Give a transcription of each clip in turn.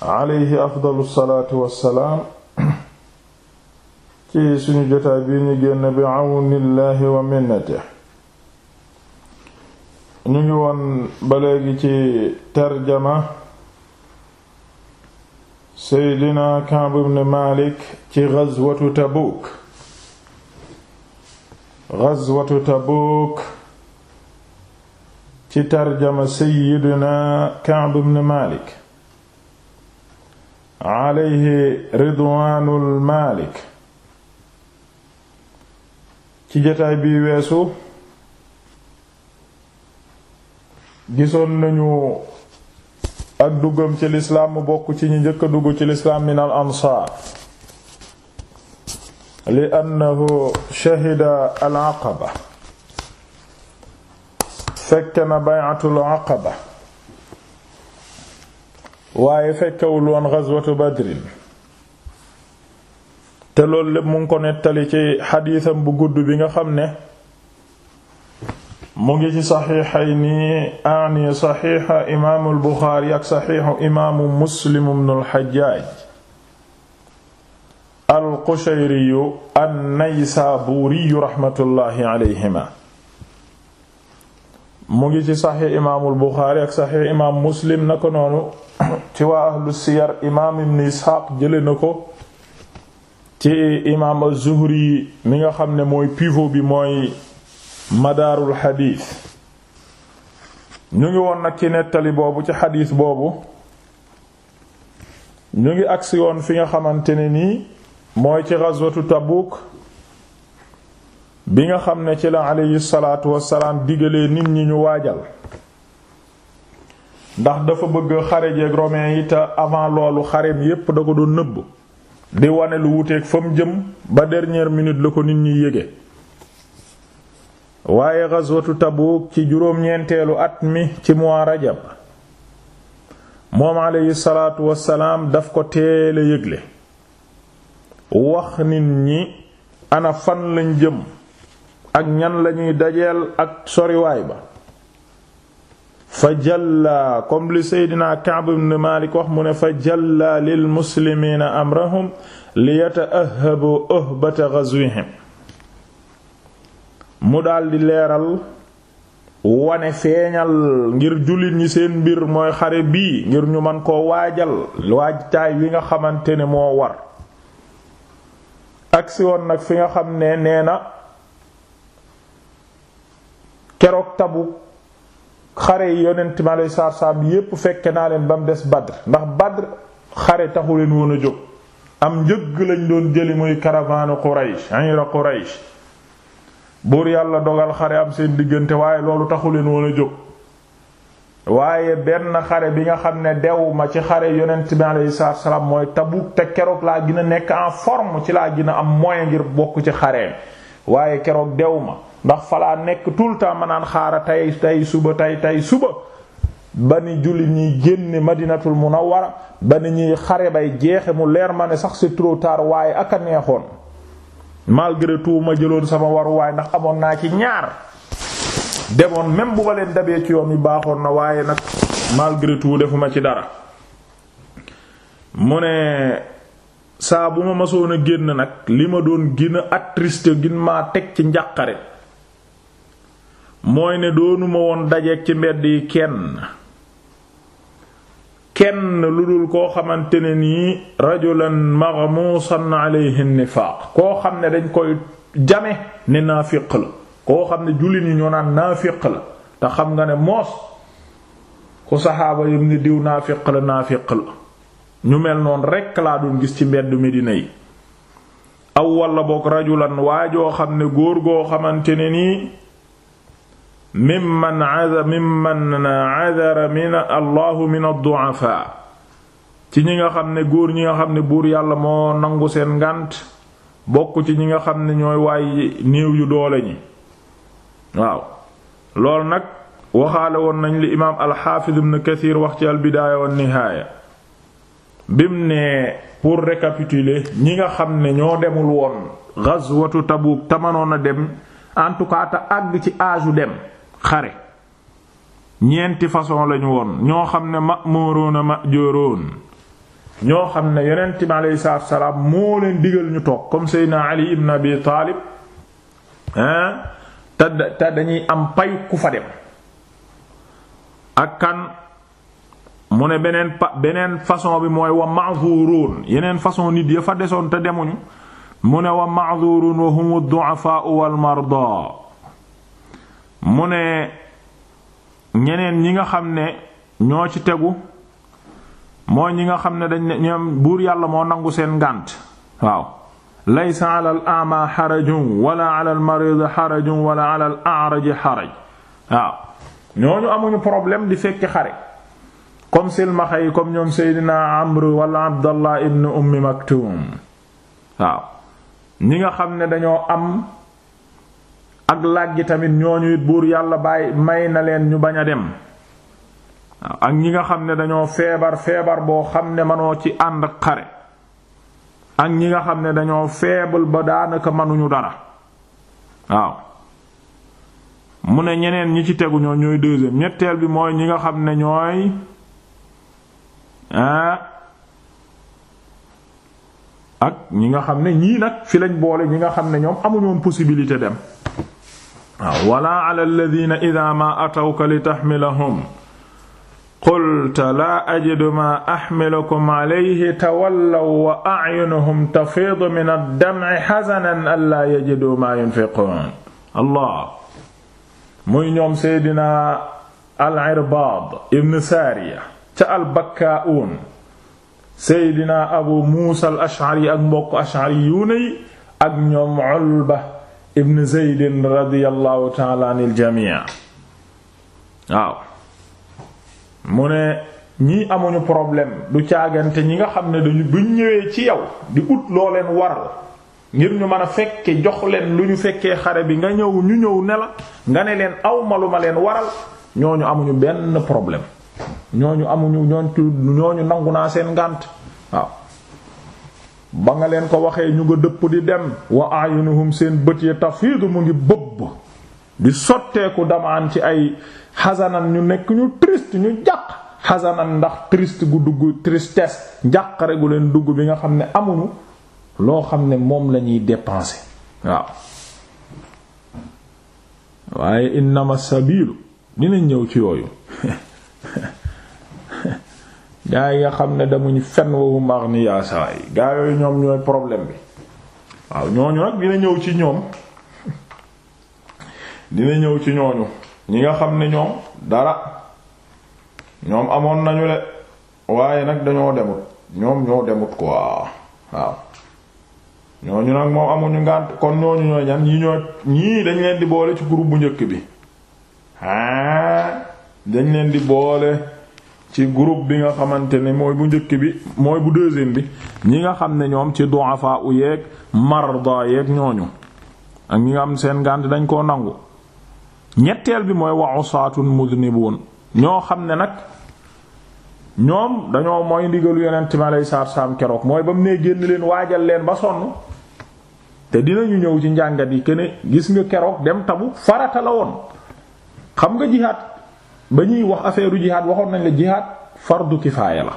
alayhi afdalu salaatu wassalaam ci suñu jotaay bi ñu génn bi àwnillaahi wa minnate ñu ngi woon ba léegi ci tarjama seydina Kaab ibn Maalik ci gazwatu Tabuuk gazwatu Tabuuk ci tarjama seydina Kaab ibn Maalik alayhi ridwaanul maalik ci jotaay bi weesu gisoon nañu ak duggam ci lislaam mu bokk ci ñu njëkk a dugg ci lislaam min al ansaar li annahu shahida al aqaba fekk na bay'atul aqaba waaye fekkewul woon ghazwatu badrin te loolu lépp mu ko nettali ci xadiisam bu gudd bi nga xam ne mu ngi ci saxiixayni ani saxiixa imaamu Buxaari ak saxiixu imaamu Muslim ibnul Xajjaaj al-Qushayriyu an raxmatullaahi alayhima mu ngi ci saxiix imaamu Buxaari ak saxiix imaamu Muslim naka noonu ci waa ahlu siyar imaam ibn Isxaaq jële na ko ci imaam az-Zuhri mi nga xam ne mooy pivot bi mooy madaarul xadiis ñu ngi woon nag ci nettali boobu ci xadiis boobu ñu ngi agsi woon fi nga xamante ne nii mooy ci gazwatu Tabuuk bi nga xam ne ci la aleyhi salaatu wassalaam digalee nit ñi ñu waajal ndax dafa bëgg xare jeeg yi te avant loolu xareem yépp da ko doon nëbb di wane lu wuteeg fa jëm ba dernière minute la ko nit ñi yége waaye ghazwatu Tabuk ci juróom at mi ci mois rajab moom aleyhi salaatu wasalaam daf ko teele yëgle wax nit ñi ana fan lañ jëm ak ñan lañuy dajeel ak soriwaay ba fa jalla comme li seydina Ka'b ibn Malik wax mu ne fa jalla lil muslimiina amrahum liyata'ahhabu uhbata ghazwihim mu daldi leeral wane feeñal ngir jullit ñi seen mbir mooy xare bii ngir ñu man koo waajal waajtaay wi nga xamante ne moo war agsi woon nag fi nga xam ne nee na keroog tabu xare yi yonent ma lay saar saam yépp fekke naa leen ba mu des Badr ndax Badr xare taxu leen woon a jóg am njëgg lañ doon jëli muy caravane Quraysh ayra Quraysh buur yàlla dogal xare am seen diggante waaye loolu taxu leen woon a jóg waaye benn xare bi nga xam ne dew ma ci xare yonent bi alayhi salaam mooy Tabuk te keroog laa gën a nekk en forme ci laa gën a am moyen ngir bokk ci xareen waaye keroog dew ma ndax falaa nekk tout le temps ma naan xaara tey tey suba tey tey suba ba ni jullit ñi génne madinatul munawwara ba ni ñuy xare bay jeexe mu leer ma ne sax si trop tard waaye ak a neexoon malgré tout ma jëloon sama waruwaay ndax amoon naa ci ñaar demoon même bu ma leen dabee ci yoon yi baaxoon na waaye nag malgré tout defuma ci dara mu ne saa bu ma masoon a génn nag li ma doon gën a attristé gin maa teg ci njàqare mooy ne doonuma woon dajeek ci mbedd yi kenn kenn lu dul koo xamante ne nii rajulan maghmusan alayhi nifaaq koo xam ne dañ koy jame ne naafiq la koo xam ne jullit ñi ñoo naan naafiq la te xam nga ne moos ku saxaaba yam ni diw naafiq la naafiq la ñu mel noonu rekk laa doon gis ci mbedd Medina yi aw walla boog rajulan waajoo xam ne góor goo xamante ne nii mimman azara mimman azara min allahu min ad-du'afa ci ñi nga xam ne góor ñi nga xam ne buur yàlla moo nangu seen ngànt bokk ci ñi nga xam ne ñooy waay néew yu doole ñi waaw loolu nag waxaale woon nañ li imaam alxaafiz ibn kathir wax ci albidaaya wan nihaaya bim ne pour récapituler ñi nga xam ne ñoo demul woon ghazwatu Tabuk tamanoon a dem en tout cas àgg ci aaju dem xare ñeenti façon lañu woon ñoo xam ne ma'muruna ma'jurun ñoo xam ne yonent bi aleyhi salaatu salaam moo leen digal ñu toog comme seyna Ali ibn Abi Taalib hein te dañuy am pay ku fa dem ak kan mu ne beneen pa beneen façon bi mooy wa ma'dhurun yeneen façon nit ya fa desoon te demuñu mu ne wa ma'dhurun wa hum ad-du'afa wal marda mu ne ñeneen ñi nga xam ne ñoo ci tegu mooy ñi nga xam ne dañ ne buur yàlla moo nangu seen ngànt waaw laysa ala al ama xarajun wala ala al marid xarajun wala ala ñooñu amuñu problème di fekk xare comme silmaxa yi comme ñoom seydina amr wala abdallah ibn ummi maktum waaw ñi nga xam ne dañoo am ak làggi tamit ñooñu it buur yàlla bàyyi may na leen ñu bañ a dem waaw ak ñi nga xam ne dañoo feebar feebar boo xam ne manoo ci ànd xare ak ñi nga xam ne dañoo feebal ba daanaka mënuñu dara waaw mu ne ñeneen ñi ci tegu ñoo ñooy deuxième ñetteel bi mooy ñi nga xam ne ñooy Ah. ak ñi nga xam ne ñii nag fi lañ boole ñi nga xam ne ñoom amuñoon possibilité dem waaw ah, wala ala alladhina idha ma atawka li tahmilahum qulta laa ajidu ma axmilukum alayhi tawallaw wa ayunuhum tafiidu min ad-dam'i xasanan allaa yajidu ma yunfiqun allah muy ñoom seydina al-Irbaad ibn Saariya ca albakkaa'uun seydina abu muusa al ashari ak mbokk ashari yuuna yi ak ñoom ulba ibn zeydin radiyallahu taala an iljamii waaw mu ne ñii amuñu problème du càggante ñi nga xam ne dañu buñ ñëwee ci yow di ut loo leen waral ngir ñu mën a fekke jox leen lu ñu fekkee xare bi nga ñëw ñu ñëw ne nga ne leen awma ma leen waral ñooñu amuñu benn problème ñooñu amuñu ñooñu nangu naa seen ngànt waaw ba nga leen ko waxee ñu nga dëpp di dem wa ayunuhum seen bët yi tafiidu mu ngi bëbb di sotteeku damaan ci ay xasanan ñu nekk ñu triste ñu jàq xasanan ndax triste gu dugg tristesse njàqare gu leen dugg bi nga xam ne amuñu loo xam ne moom lañuy dépenser waaw waaye innama sabilu dinañ ñëw ci yooyu gaa yi nga xam ne demuñ fenn wawu mar ni yaa gaa yooyu ñoom ñooy problème bi waaw ñooñu nag dina ñëw ci ñoom dina ñëw ci ñooñu ñi nga xam ne ñoom dara ñoom amoon nañu le waaye nag dañoo demut ñoom ñoo demut quoi waaw ñooñu nag moom amuñu ngànt kon ñooñu ñooy ñan ñi ñoo ñii dañ leen di boole ci groupe bu njëkk bi dañ leen di boole ci groupe bi nga xamante ne mooy bu njëkk bi mooy bu deuxième bi ñi nga xam ne ñoom ci du'afa u yeeg marda yeeg ñooñu ak ñi nga am seen ngànt dañ koo nangu ñetteel bi mooy wa usaatun mudnibun ñoo xam ne nag ñoom dañoo mooy ndigalu yonent mi alayhi salaatu salaam keroog mooy ba mu nee génn leen waajal leen ba sonn te dinañu ñëw ci njàngat yi que ne gis nga keroog dem tabu farata la woon xam nga jihaat ba ñuy wax affaire u jihaad waxoon nañ la jihaad fardu kifaaya la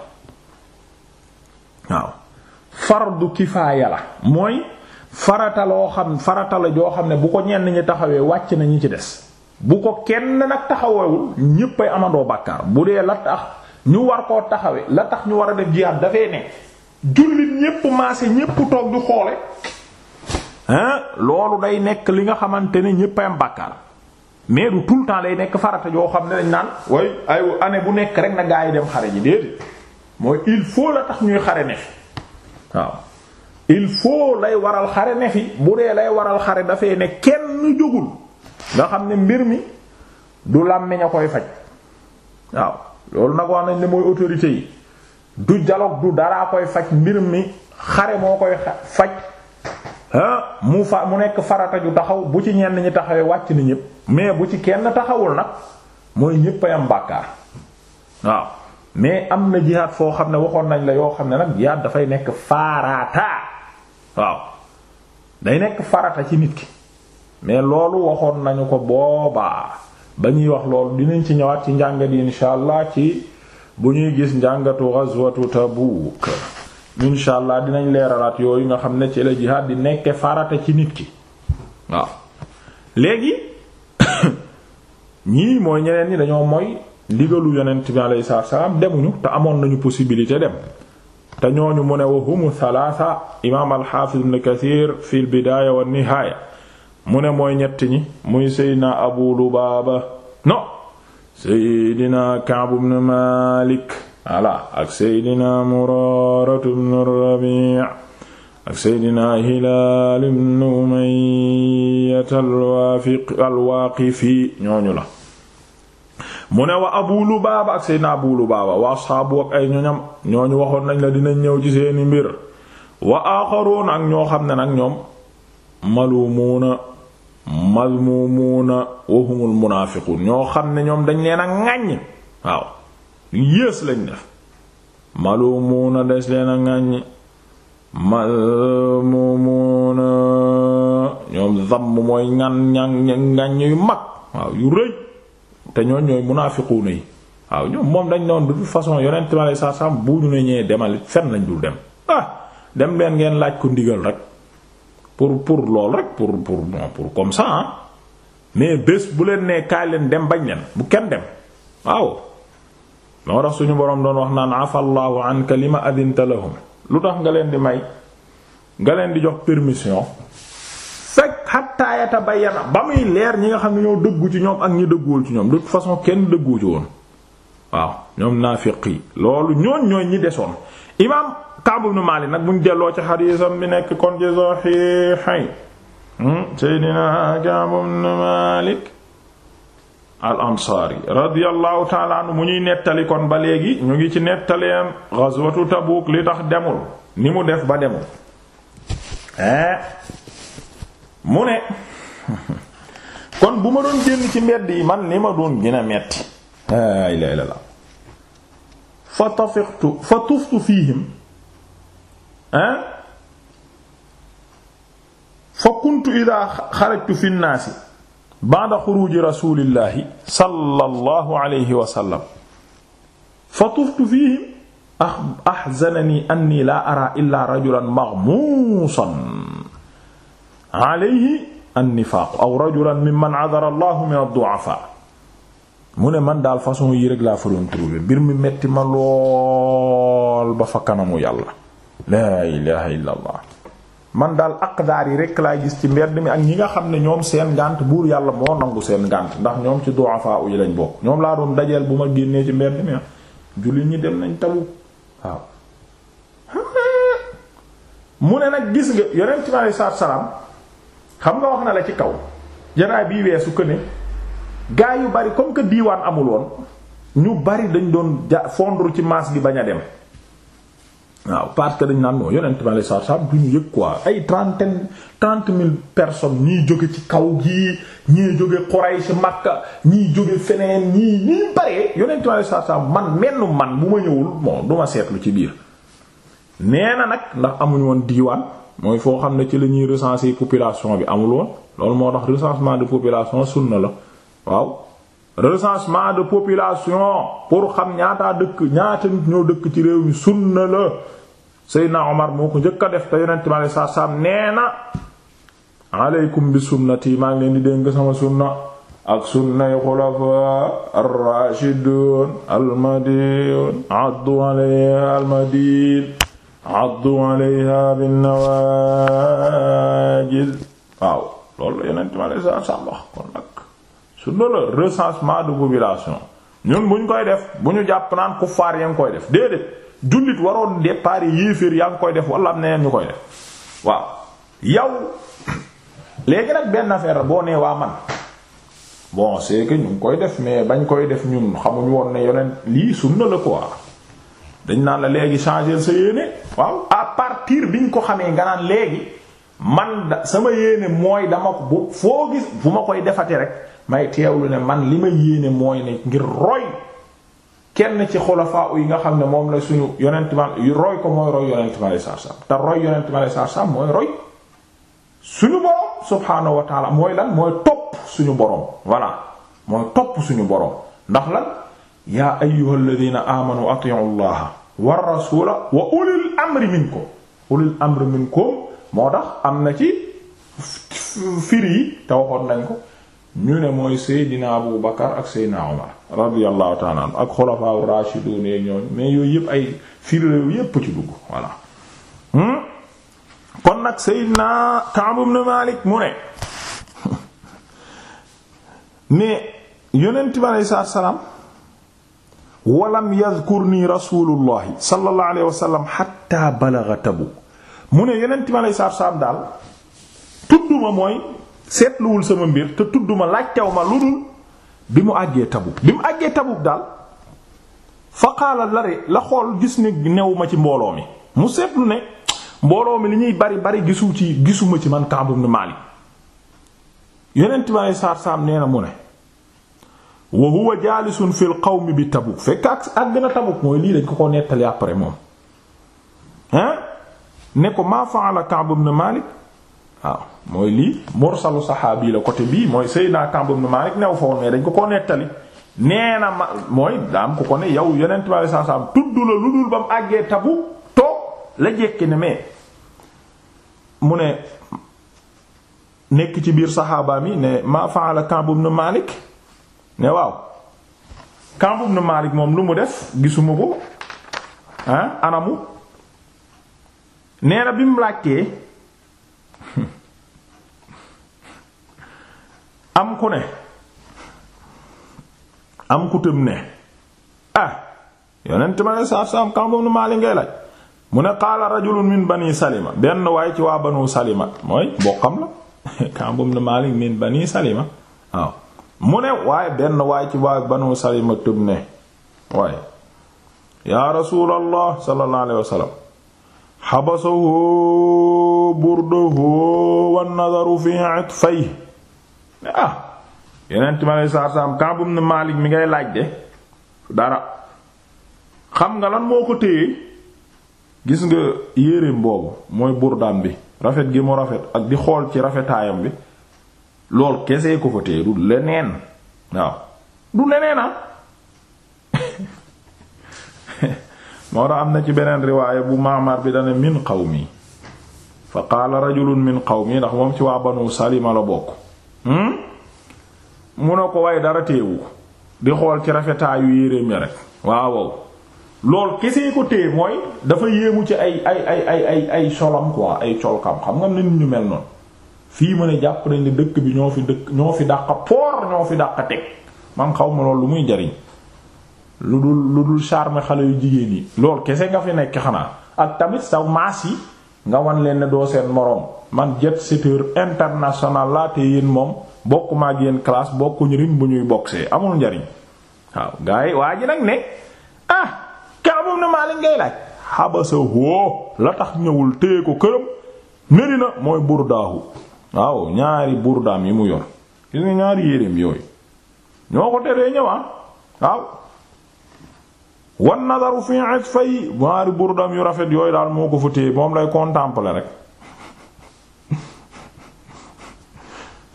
waaw fardu kifaaya la mooy farata xam farata joo xam ne bu ko ñenn ñi taxawee wàcc nañu ci des bu ko kenn nag taxawewul ñépp ay amandoo bàkkaar bu dee la tax ñu war koo taxawe la tax ñu war a def jihaad dafay ne jullit ñépp maase ñépp toog du xoole loolu day nekk li nga xamante ne ñépp ay am bàkkaar mais du tout le temps lay nekk farata yoo xam ne dañ naan way ay année bu nekk rek na gaa yi dem xare ji déedéet mooy il faut la tax ñuy xare ne fi waaw il faut lay waral xare ne fi bu dee lay waral xare dafay ne kenn jógul nga xam ne mbir mi du làmmiñ a koy faj waaw loolu nag wax nañ ne mooy autorité yi du dialogue du dara koy faj mbir mi xare moo koy faj mu fa mu nekk farata ju taxaw bu ci ñenn ñi taxawee wàcc na ñépp mais bu ci kenn taxawul nag mooy ñépp ay bàkkaar waaw mais am na jihaad foo xam ne waxoon nañ la yoo xam ne nag jihaad dafay nekk farata waaw day nekk farata ci nit ki mais loolu waxoon nañu ko boobaa ba ñuy wax loolu dinañ ci ñëwaat ci njàngat yi insha allah ci bu ñuy gis njàngatu ghazwatu Tabuk insha allah dinañ leeralaat yooyu nga xam ne ci la di nekke farata ci nit ki waaw léegi ñii mooy ñeneen ñi dañoo mooy digalu yonent bi alayhi salaam demuñu te amoon nañu possibilité dem te ñooñu mu ne wa humu imaam alxaafiz ibn kathir fi bidaaya wa nihaaya mu ne mooy ñett ñi muy seydina abu lubaaba no seydina ka'b ibn malik voilà ak seydina muraaratu bnu rabii ak seydina hilaal bnu umayyata alwaaqifi ñooñu la mu ne wa abu lubaaba ak seydina abu lubaaba wa asxaabu ak ay ñoñam ñooñu waxoon nañ la dina ñëw ci seeni mbir wa aaxaroon ak ñoo xam ne nag ñoom malumuuna mazmumuuna wa humul munaafiquun ñoo xam ne ñoom dañ leen a ŋàññ waaw yées lañ def na des leen a ŋàññi malumuuna ñoom mooy ñan ñan ŋàññ yu mag waaw yu rëy te ñooñ ñooy munaafiquuna yi waaw ñoom moom dañ noon de toute façon yonent bi aleyhi salaatu salaam bu ñu ne ñee demal fenn lañ dul dem ah dem leen ngeen laaj ko ndigal rek pour pour lool rek pour pour pour comme ça ah. mais bés bu leen nee kaay leen dem bañ leen bu kenn dem waaw moo tax suñu boroom doon wax naan afallahu anka lima adinta lahum lu tax nga leen di may nga leen di jox permission fekk xattaa yatabayyana ba muy leer ñi nga xam ne ñoo dëggu ci ñoom ak ñi dëgguwul ci ñoom de façon kenn dëggu ci woon waaw ñoom naafiq loolu ñooñ ñooñ ñi desoon imaam Ka'b ibn Malik nag buñ delloo ci xadiisam bi nekk kon ci saxiixay hmm? Seydina Ka'b ibn Malik al ansaari radiyallahu taala anhu mu ñuy nettali kon ba léegi ñu ngi ci nettaleem ghazwatu Tabuk li tax demul ni mu def ba demul hein eh? mu ne kon bu ma doon génn ci mbedd yi man ni ma doon gën a metti fa tafiqtu fa tuftu fiihim hein eh? fa kuntu idaa xarajtu fi nnaasi ba'da xuruuji rasuulillaahi sallallahu alayhi wa sallam fa tuftu fiihim ah, ahzananii annii laa araa illaa rajulan maghmuusan alayhi annifaaqu aw rajulan mimman adara Allahu min ad-du'afaa mu ne man daal façon yi rek laa fa doon trouvé mbir mi metti ma lool ba fa kanamu yàlla laa ilaaha illallaah man daal aqdaar yi rek laay gis ci mbedd mi ak ñi nga xam ne ñoom seen ngànt buur yàlla moo nangu seen ngànt ndax ñoom ci du'afa yi lañ bokk ñoom laa doon dajeel bu ma génnee ci mbedd mi ah. jullit ñi dem nañ tabu waaw mu ne nag gis nga yonent bi alei salaatu salaam xam nga wax na la ci kaw janaay bii weesu que ne yu bari comme que diiwaan amul woon ñu bari dañ doon ja fondre ci masse gi bañ a dem waaw parce que dañ naan moo yonent ma lay saar saar du ñu ay trente trente mille personnes ñii jóge ci kaw gii ñii jóge Quraysh Makka ñii jóge feneen ñii ñii bare yonent ma lay saar saar man menn man bu ma ñëwul bon duma seetlu ci biir nee nag ndax amuñ woon diiwaan mooy foo xam ne ci la ñuy recenser population bi amul loolu moo tax recensement de population sunna la waaw recensement de population pour xam ñaata dëkk ñaata ñoo dëkk ci réew mi sunna la Seydina Omar moo ko njëkk a def te yonent mi alayhi salaam nee na aleykum bi sunnati maa ngi leen di dénk sama sunna ak sunnay xulafaa ar-raashidun al-mahdiyyun al-madin addu alayha bin-nawaajid waaw loolu yonent mi alayhi salaam su la recensement de population ñun bu ñu koy def bu ñu jàpp naan kuffaar yaa ngi koy def déedéet jullit waroon départ yéeféer yaa ngi koy def wala am na ñu koy def waaw yow léegi nag benn affaire boo nee waa man bon c'est que koy def mais bañ koy def ñun xamuñu woon ne yonent lii sunna la quoi dañ naan la léegi changer sa yéene waaw à partir biñ ko xamee nga naan léegi. man da sama yéene mooy dama bu foo gis bu ma koy defati rek may teewlu ne man li ma yéene mooy ne ngir roy kenn ci xulafaa yi nga xam ne moom la suñu yonent ma roy ko mooy roy yonent ma lay sarsam te roy yonent ma lay sarsam mooy roy suñu borom subhaanahu wa mooy lan mooy topp suñu borom voilà mooy topp suñu borom ndax lan yaa ayyuhal ladina amanu atiiwu allaha war rasuula wa ulil amri minkum ulil amri minkum moo tax am na ci firi yi te waxoon nañ ko ñu ne mooy Seydina Abu Bakar ak Seydina Omar radiyallahu ta'ala ak xulafaa rashidun ak ñooñu mais yooyu yëpp ay firi réew yëpp ci dugg voilà hmm? kon nag Seydina Ka'b ibn Malik mu ne mais yonent bi aleyhi salaam walam yadhkurni rasulullahi sallallahu alayhi wa sallam mu ne yeneen time lay saab saab daal tudduma mooy seetluwul sama mbir te tudduma laajtew ma lu dul bi mu àggee Tabuk bi mu àggee Tabuk daal fa xaala la la xool gis ne new ma ci mbooloo mi mu seetlu ne mbooloo mi li ñuy bari bari gisu ci gisuma ci man Kaab ibn Maalik yeneen time lay saab saab nee na mu ne wa huwa jaalisun fil qawmi bi Tabuk fekk ak àgg na Tabuk mooy lii dañ ko ko nettali après moom hein ne ko maa fa'ala Ka'b ibn Malik waaw mooy lii mursalu saxaabi la côté bii mooy Seydina Ka'b ibn Malik new dañ ko ko nettali nee na mooy daam ko ko ne yow yeneen tubaab yi àggee tabu toog la ne nekk ci biir saxaabaam yi ne maa fa'ala Ka'b ibn waaw Ka'b ibn Malik moom lu mu def gisuma ko ah anamu. nee na bi mu laajtee am ku ne am ku tëm ne ah yonent ma ne saaf saaf kan boobu maa ngay laaj mu ne qaala rajulun min bani salima benn waaye ci waa banu salima mooy bokkam la kan boobu maa li min bani salima waaw mu ne waaye benn waaye ci waa banu salima tëm ne waaye yaa rasuulallah sallallahu alayhi wasallam xabasahu burdahu wa nazaru fi itfay ah yeneent ma lay saar-saam kaabum ne Maalik mi ngay laaj de dara xam nga lan moo ko téye gis nga yéreem boobu mooy burdaam bi rafet gi mu rafet ak di xool ci rafetaayam bi lool kese ko fa téye du leneen waaw du leneen ah moo tax am na ci beneen riwaaya bu Ma'mar bi dana min qawmi fa qaala rajulun min xaw mii ndax moom ci waa banu salima la bokk hmm? mu ne ko waaye dara teewu di xool ci rafetaayu yéreem ya rek waaw loolu kesee ko tee mooy dafa yéemu ci ay ay ay ay ay ay solom quoi xam nga nit ñu mel noonu fii mën a jàpp nañ ne dëkk bi ñoo fi dëkk ñoo fi dàq poor ñoo fi dàq teg man xaw ma loolu lu muy jariñ lu dul lu dul charme xale yu jigéen yi lool kese nga fi nekk xanaa ak tamit saw maas yi nga wan leen ne doo seen moroom man jet-setteur international laa te yéen moom bokk ma ak yéen classe bokkuñu bu ñuy boxee amul njariñ waaw gars yi nag ne ah kaabum na maa leen ngay laaj xabasa woo la tax ñëwul téye ko këram mari na mooy burdaahu waaw ñaari buur burdaam yi mu yor gis nga ñaari yéreem yooyu ñoo ko teree ñëwaa ah. waaw wan nadaru fi atfay ñaari burdam yu rafet yooyu daal moo ko fa téye moom lay contempler rek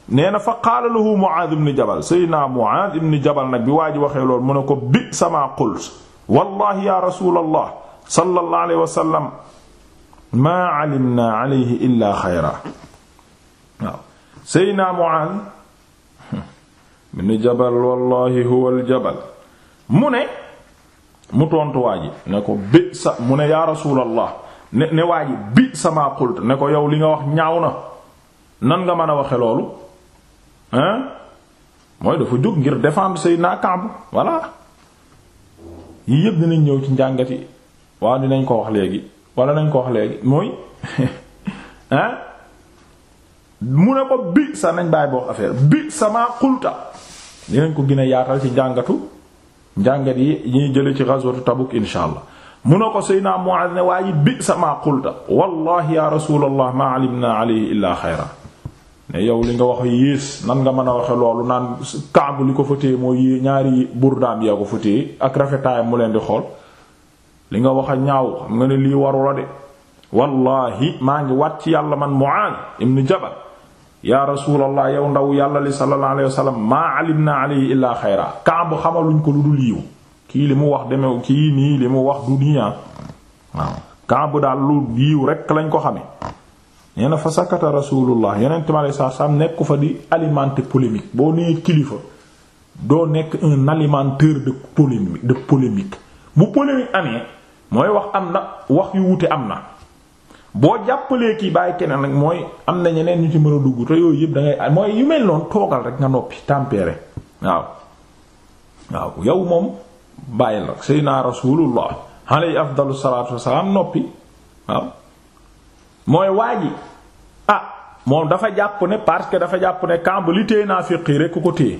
nee na fa qaala lahu Muaad ibn Jabal sayyidina Muaad ibn Jabal nag bi waa ji waxee loolu mu ne ko bi sama qult wallahi ya rasulallah sallallahu alayhi wa sallam maa alimna alayhi illa xayra waaw sayyidina Muaad ibn Jabal wallahi huwa al jabal mu ne mu tontu waa ji ne ko bi sa mu ne yaa rasuulallah ne ne waa ji bi sama xult ne ko yow li nga wax ñaaw na nan nga mën a waxe loolu hein mooy dafa jóg ngir défendre Seydina Kaab voilà yii yëpp dinañ ñëw ci yi waaw dinañ ko wax léegi wala nañ ko wax léegi mooy hein mu ne ko bi sa nañ bàyyi boo wax bi sama xulta dinañ ko gën a yaatal ci njàngatu njàngat yi ñuy jële ci ghazwatu Tabuk insha allah mu ko Seydina Mu'adh ne waaye bi sama qulta wallahi ya rasulallah ma alimna alayhi illa xayra ne yow li nga wax yées nan nga mën a waxe loolu naan Kaab li ko fa téye mooy ñaari burdaam yaa ko fa téye ak rafetaayam mu leen di xool li nga wax ñaaw xam nga ne lii waru de wallahi maa ngi wat ci yàlla man Mu'adh ibn Jabal yaa rasuulallah yow ndaw yàlla li sallallahu alayhi wasallam maa alimna alayhi illaa xayra Kaab xamaluñ ko lu dul yiw kii li mu wax demewu kii nii li mu wax du nii ah. waaw Kaab daal lu yiw rekk lañ ko xame nee na fa sakata rasulullah yonent mi alayhi nekku fa di alimenter polémique boo nee kilifa doo nekk un alimentaire de polémique bu polémique amee mooy wax am na wax yu wuute am na boo jàppalee kii bàyyi keneen nag mooy am na ñeneen ñu ci mën a dugg te yooyu yëpp dangay ngay mooy yu mel noonu toogal rek nga noppi tempéré waaw waaw yow moom bàyyi la seydina rasulullah alayhi afdalu salaatu wassalaam noppi waaw mooy waa ji ah moom dafa jàpp ne parce que dafa jàpp ne kamb li téye naa fiqi rek ku ko téye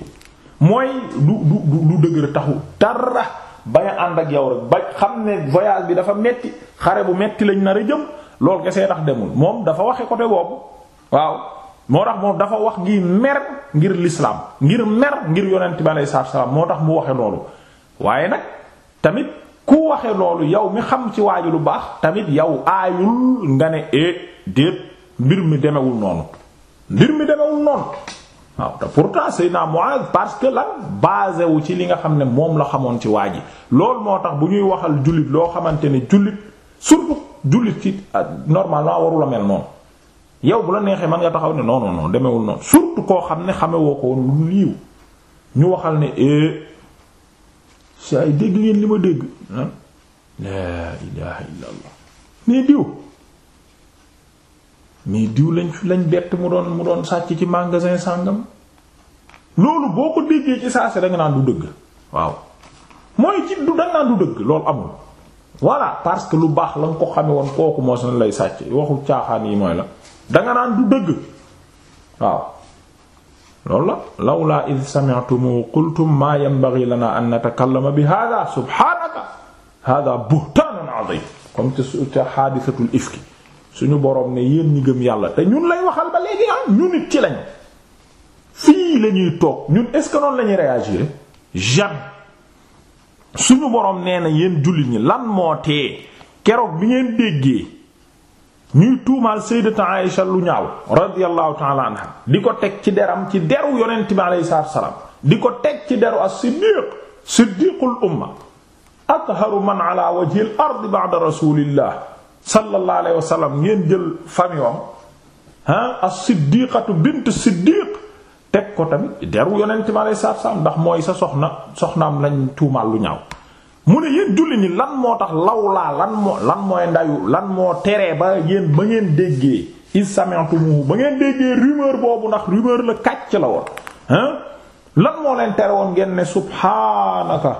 mooy du du du dëgër taxu dara bañ a ànd ak yow rek ba xam ne voyage bi dafa metti xare bu metti lañ nar a jëm loolu gesee tax demul moom dafa waxe côté boobu waaw moo tax moom dafa wax ngir mer ngir lislaam ngir mer ngir yonent bi alayhi salaatu salaam moo tax mu waxe loolu waaye nag tamit ku waxe loolu yow mi xam ci waaju lu baax tamit yow aayul nga ne e déet mbir mi demewul noonu mbir mi demewul noonu waaw te pourtant Seydina Muaz parce que lan basé wu ci li nga xam ne moom la xamoon ci waa ji loolu moo tax bu ñuy waxal jullit loo xamante ne jullit surtout jullit ci normalement warula mel noonu yow bu la neexee man nga taxaw ne non non non demewul noonu surtout koo xam ne xamewoo ko woon lu liiw ñu waxal ne eh, saa yi dégg ngeen li ma dégg ah laa ilaha illa allah diw mais diw lañ lañ bett mu doon mu doon sàcc ci magasin sàngam loolu boo ko déggee ci saa si da naan du dëgg waaw mooy ci du da naan du dëgg loolu amul voilà parce que lu baax la nga ko xame woon kooku moo seen lay sàcc waxu caaxaan yi mooy la danga naan du dëgg waaw loolu la lawla id sami'tumu qultum ma yanbaghi lana an natakallama bi hadha subhanaka hadha buhtaanun 'azim comme ca xaadisatul ifki suñu boroom ne yéen ñi gëm yàlla te ñun lay waxal ba léegi ah ñu nit ci lañ fii lañuy toog ñun est ce que noonu lañuy réagir suñu boroom nee na yéen jullit ñi lan moo tee keroog bi ngeen déggee ñuy tuumaal sayyidatu Aïsha lu ñaaw radiyallahu ta'ala anha di ko teg ci deram ci deru yonent bi alayhi salaam di ko teg ci deru as-siddiq siddiqul umma atharu man ala wajhi al-ard ba'da rasulillah sallallahu alayhi wa sallam ngeen jël famiyom ah as-siddiqatu bint siddiq teg ko tamit deru yonent bi alayhi salaam ndax mooy sa soxna soxnaam lañ tuumaal lu ñaaw mu ne yéen julli ñi lan moo tax law laa lan moo lan mooy ndayu lan moo teree ba yéen ba ngeen déggee isami'tumu ba ngeen déggee rumeur boobu ndax rumeur la kàcc la woon lan moo leen tere woon ngeen ne subhaanaka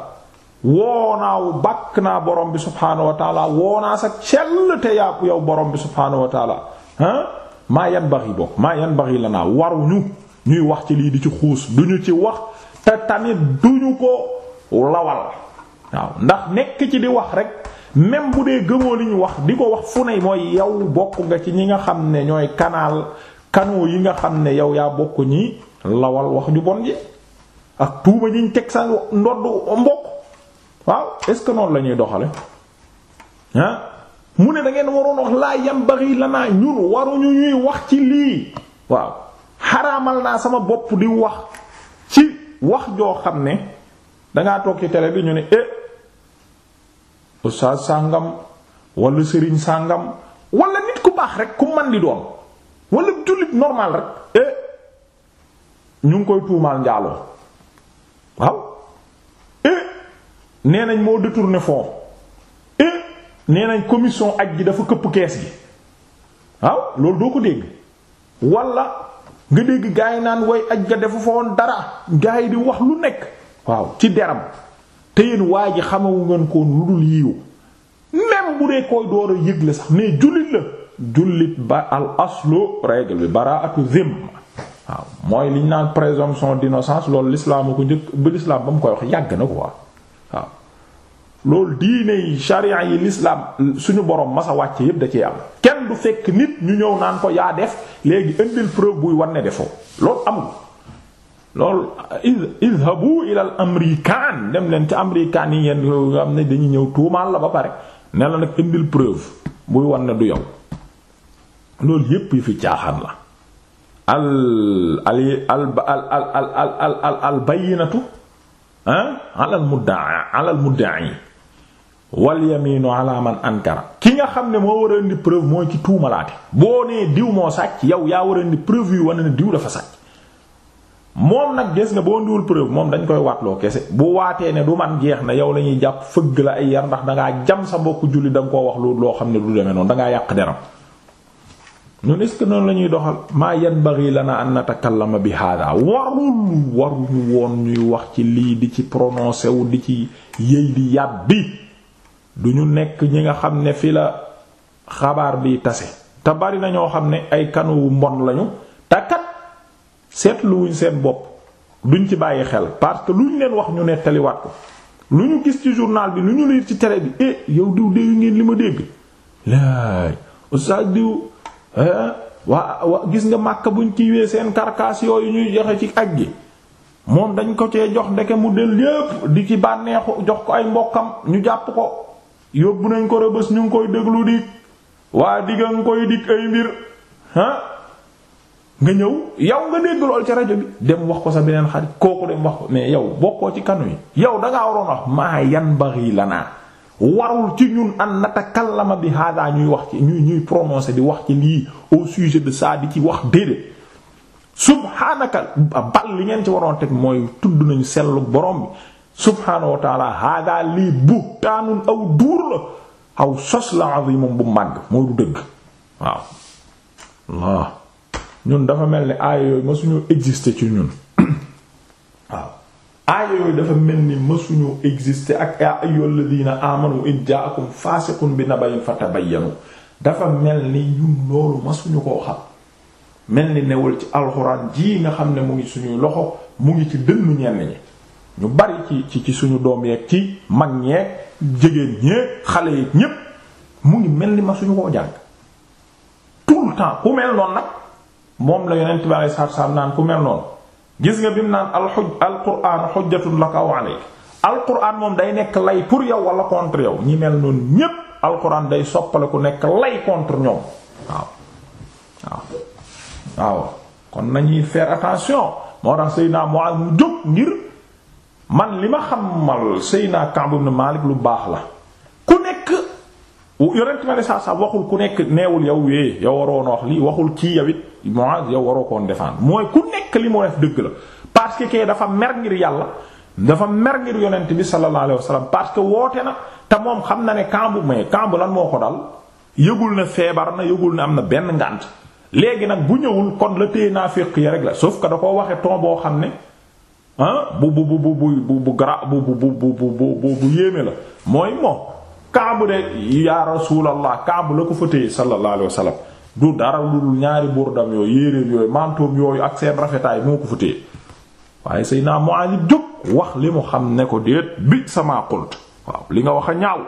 woonaawu bàkk naa borom bi subhaanahu wa taala woonaa sa cell te yàpp yow borom bi subhaanahu wa taala hein maa yan bax yi bokk maa yan bax yi la naa ñu ñuy wax ci lii di ci xuus duñu ci wax te tamit duñu ko lawal waaw ndax nekk ci di wax rek même bu dee gëmoo li ñu wax di ko wax fu ne mooy yow bokk nga ci ñi nga xam ne ñooy kanaal kanoo yi nga xam ne yow yaa bokk ñi lawal wax ju bon ji ak tuuma ñu teg sa ndodd mbokk waaw est-ce que noonu la ñuy doxale mu ne da ngeen waroon wax laa la lanaa ñun waruñu ñuy wax ci lii waaw xaraamal naa sama bopp di wax ci wax joo xam ne dangaa toog ci bi ñu ne eh oustaz sàngam wala sëriñ sàngam wala nit ku baax rek ku man di doon walla jullit normal rek eh ñu ngi koy tuumaal njaaloo waaw eh nee nañ moo détourné fonds eh nee nañ commission aj gi dafa këpp kees gi waaw loolu doo ko dégg wala nga dégg gaa yi naan woy aj ga defu fa woon dara gaa yi di wax lu nekk waaw ci deram te yéen waa ji xamawu ngeen ko lu dul yiw même bu dee koy door a yëgle sax mais jullit la jullit ba al aslu règle bi baraatu zimma waaw mooy liñ naan présomption d'innocence loolu lislaam ko njëkk ba lislaam ba mu koy wax yàgg na ko waaw loolu diine yi sharia yi lislaam suñu borom masa wàcce yépp da cee am kenn du fekk nit ñu ñëw naan ko yaa def léegi indil preuve buy war ne defoo loolu amul lool idhabu ila al amrikaan dem leen ci amrikaan yi yéen nga xam ne dañuy ñëw tuumaal la ba pare ne la nag indil preuve buy wan ne du yow loolu yépp yi fi caaxaan la al al al al al bayyinatu ah, ala al mudda'a ala man ankara ki nga xam ne moo war a indi preuve mooy ci tuumalaate boo nee diw moo sàcc yow yaa war a indi preuve yu wan ne diw dafa sàcc moom nag gis nga boo ndiwul preuve moom dañ koy waatloo kese bu waatee ne du man jeex na yow la ñuy jàpp fëgg la ay yar ndax dangaa jam sa mbokku julli da nga koo wax lu loo xam ne du demee noonu dangaa yàq deram ñun est-ce que noonu la ñuy doxal maa yanbaghi lana an natakallama bi hada warul waruñu woon ñuy wax ci lii di ci prononcé wu di ci yëy di yàbbi du ñu nekk ñi nga xam ne fi la xabaar bi tase te bari na ñoo xam ne ay kanu mbon lañu seetluwuñ seen bopp duñ ci bàyyi xel parce que luñ leen wax ñu nettaliwaat ko lu ñu gis ci journal bi lu ñu liir ci tere bi eh yow diw dégg ngeen li ma dégg laay oustaz diw eh, waa wa gis nga màkk buñ kiiwee seen karkaas yooyu ñuy joxe ci aj gi moom dañ ko cee jox ndeke mu del yépp di ki bànneexu jox ko ay mbokkam ñu jàpp ko yóbbu nañ ko rëbës ñu ngi koy déglu dig waa digga nga koy dig ay mbir ah nga ñëw yow nga dégg lool ca rajo bi dem wax ko sa beneen xarit kooku dem wax ko mais yow bokkoo ci kanu yi yow dangaa waroon wax maa yan bari la naa warul ci ñun an natakallama bi hada ñuy wax ci ñuy ñuy prononcer di wax ci lii au sujet de saa di ci wax déedéet subhanaka bal li ngeen ci waroon teg mooy tudd nañu sellu borom bi subhanahu wa taala hada lii buhtaanun aw duur la aw sos la azimum bu màgg mooy du dëgg waaw ñun dafa mel ni aaya yooyu mësuñu exister ci ñun waaw aaya yooyu dafa mel ni mësuñu exister ak yaa ayyul ladina amanu in ja'akum fasiqun bi nabayin fatabayyanu dafa mel ni ñun loolu mësuñu koo xam mel ni newul ci alxuraan ji nga xam ne mu ngi suñuy loxo mu ngi ci dënnu ñenn ñi ñu bari ci ci ci suñu doom yeeg ci mag ñeeg jigéen ñeeg xale yi ñépp mu ngi mel ni ma suñu koo jàng tout le temps ku mel noonu nag moom la yonent bi aleyhi salaatu salaam naan ku mel noonu gis nga bi mu naan al xuj alquran xujjatun laka aw aleyk moom day nekk lay pour yow wala contre yow ñi mel noonu ñépp alquran day soppale ku nekk lay contre ñoom waaw waaw waaw kon nañuy faire attention moo tax Seydina Muaz mu jóg ngir man li ma xamal Seydina Ka'b ibn Malik lu baax la ku nekk yonent ma ne saa saa waxul ku nekk neewul yow yee yow waroon wax lii waxul ci yow it Muaz yow waroo koon défendre mooy ku nekk li mu def dëgg la parce que kay dafa mer ngir yàlla dafa mer ngir yonent bi sallallahu alayhi parce que woote na te moom xam na ne kambu mais kambu lan moo ko dal yëgul na feebar na yëgul na am na benn ngànt léegi nag bu ñëwul kon la téye naa féq yi rek la sauf que da ko waxe ton boo xam ne ah bu bu bu bu bu bu bu yéeme la mooy kaabu de yaa rasuulallah kaabu la ko fa téye sallallahu alayhi du dara lu dul ñaari burdam yooyu yéreem yooyu mantoom yooyu ak seen rafetaay moo ko waaye téye waaye mu Muaaz jóg wax li mu xam ne ko déet bi sama qult waaw li nga wax a ñaaw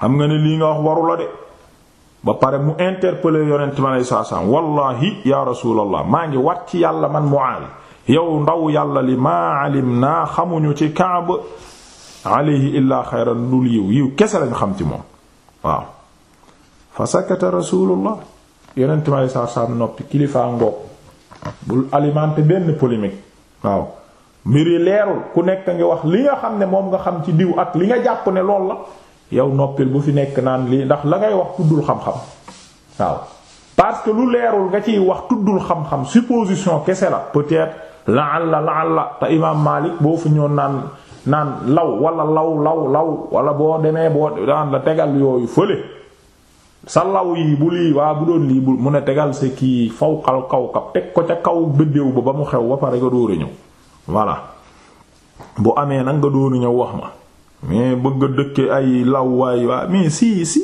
xam nga ne lii nga wax waru la de ba pare mu interpeller yonent ma lay saa saam wallahi ya rasuulallah maa ngi wat ci yàlla man Muaaz yow ndaw yàlla li maa naa xamuñu ci Kaab alayhi illaa xayran lul yiw yiw kese lañu xam ci moom waaw fa sakata rasulullah yonent mi alayhi salaatu noppi kilifaa ngoog bul alimenter benn polémique waaw mbir yi leerul ku nekk ngi wax li nga xam ne moom nga xam ci diw ak li nga jàpp ne lool la yow noppil bu fi nekk naan lii ndax la ngay wax tuddul xam-xam waaw parce que lu leerul nga ciy wax tuddul xam-xam supposition kese la peut-être la la la te imaam Maalik boo fi ñoo naan naan law walla law law law wala boo demee boo daan la tegal yooyu fële sa law yi bu lii waa bu doon lii bu mu ne tegal sa kii fawqal kawkab teg ko ca kaw bëddéew ba ba mu xew ba pare nga dóor a ñëw amee nag nga dóor ñëw wax ma mais bëgg a ay law waay mais si si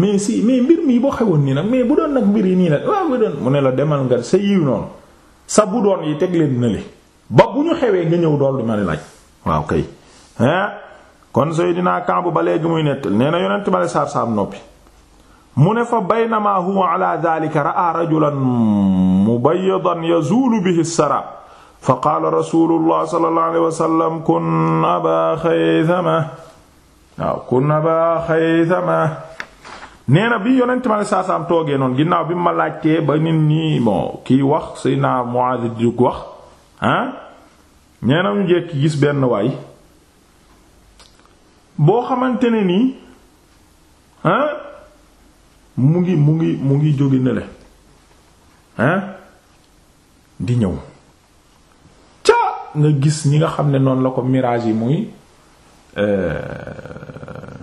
mais mais mbir mii boo xewoon nii nag mais bu doon nag mbir yi nii nag waa bu doon mu ne la demal nga sa yiw noonu sa bu doon yi teg leen na li ba bu ñu xewee nga ñëw dool di ma laaj waaw kay kon Seydina Kaabu ba léegi muy nettal nee na yonent bale saab saab noppi mu ne fa baynama huwa ala dhalika waaw kun aba xaytama nee na bi yonent ma la saasaam toogee noonu ginnaaw bi ma laajtee ba nit ñi bon kiy wax Seydina Muaaz di wax ah nee na jekki gis benn waay boo xamante ne nii ah mu ngi mu ngi mu ngi jóge ne le di ñëw ca nga gis ñi nga xam ne noonu la ko mirage yi muy euh,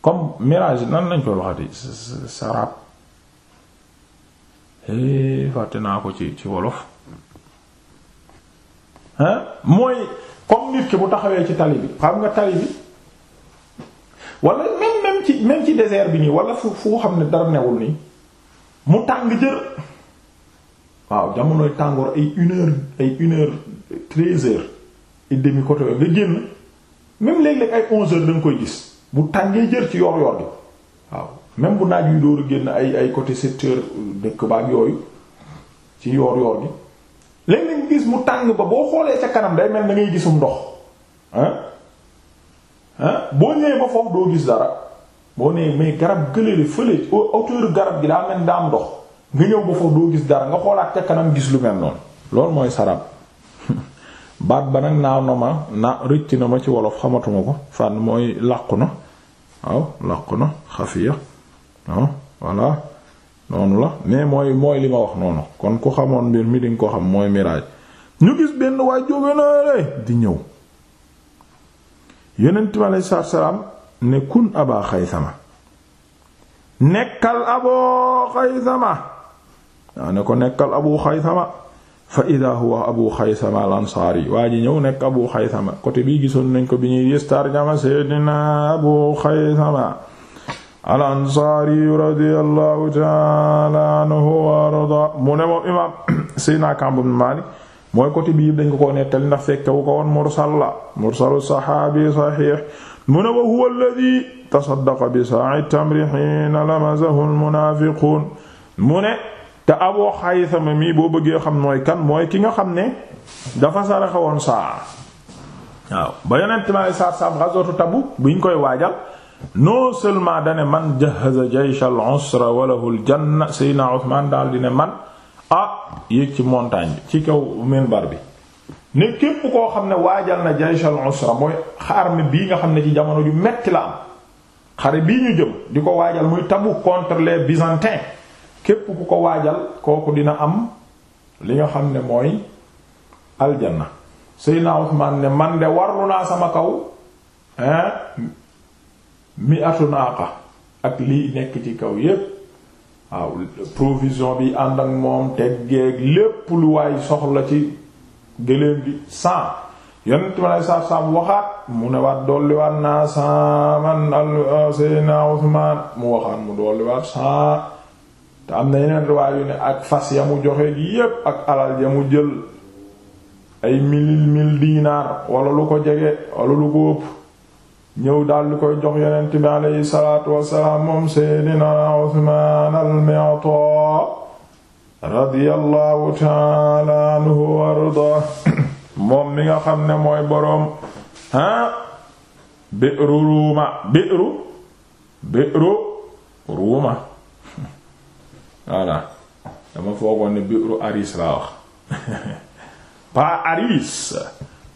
comme mirage nan lañ koy waxati sarab eh, fàtte naa ko ci ci wolof ah mooy comme nit ki bu taxawee ci tali bi xam nga tali bi walla même même ci même ci désert bi nii wala fu fu xam ne dara newul nii mu tàng jër waaw jamonoy tàngoor ay une ay une heure treize heures et côté nga génn même léeg-léeg ay onze heures da koy gis bu tàngee jër ci yor-yor bi waaw même bu naaj yuy a génn ay ay côté sept heures dëkk baak yooyu ci yor-yor bi. léeg-léeg gis mu tàng ba boo xoolee ca kanam day mel da ngay gisum ndox boo ñëwee ba foofu doo gis dara boo nee mais garab gëlële fële hauteur garab gi daa mel daa am ndox nga ñëw ba foofu doo gis dara nga xoolaat ca kanam gis lu mel noonu loolu mooy sarab baat ba nag naaw na ma na rëcc na ma ci wolof xamatuma ko fànn mooy làqu na waaw làqu na xafiya waaw noonu la mais mooy mooy li ma wax noonu kon ku xamoon mbir mi dinga ko xam mooy miraaj ñu gis benn waay jóge na di ñëw yonent bi aleyhi salaatu salaam ne kun aba xaysama nekkal ne ko nekkal abu xaysama fa ida huwa abu xaysama al yi waa ji ñëw nekk abu xaysama côté bii gisoon nañ ko bi ñuy yës tarjama seydina abu xaysama al ansaari radiyallahu taala anhu wa arda mu ne moom imaam Seydina Ka'b ibn mooy côté bi yëpp dañ ko ko nettali ndax fekke wu ko woon mursal la mursalu saxaabi saxiix mu ne wa huwa alladi tasaddaqa bi saa'i tamri hiina lamazahu almunaafiquun mu ne te Abu Xaysama mi boo bëggee xam mooy kan mooy ki nga xam ne dafa saraxe woon saa waaw ba yonent ma saar saam gazwatu Tabuk biñ koy waajal non seulement dane man jahaza jaysh al usra wa lahu al janna sayna Usmaan daal di ne man ah yéeg ci montagne bi ci kaw minbar bi ne képp koo xam ne waajal na jaysh al usra mooy armée bii nga xam ne ci jamono ju metti la am xare bii ñu jëm di ko waajal muy Tabuk contre les byzantins képp ku ko waajal kooku dina am li nga xam ne mooy aljanna sayna Usmaan ne man de warlu naa sama kaw hein mi atu naaqa ak lii nekk ci kaw yépp waaw provision bi ànd ak moom teggeeg lépp lu waay soxla ci gëléem bi cent yonent ma lay saaf saaf waxaat mu ne waat dolliwaat naa cent man al euh, Seydina Usmaan mu waxaat mu dolliwaat cent te am na yeneen riwaay ne ak fas ya mu joxe gi yépp ak alal ya mu jël ay mille mille dinaar wala lu ko jege wala lu ko ëpp ñëw daal di koy jox yonent bi alayhi salaatu wassalaam moom seydina Usmaan radiyallahu ta'ala anhu wa ardaa moom mi nga xam ne mooy boroom ah Bi'ru Ruuma Bi'ru Ruuma voilà dama foogoon ne Bi'ru Aris laa wax pas Aris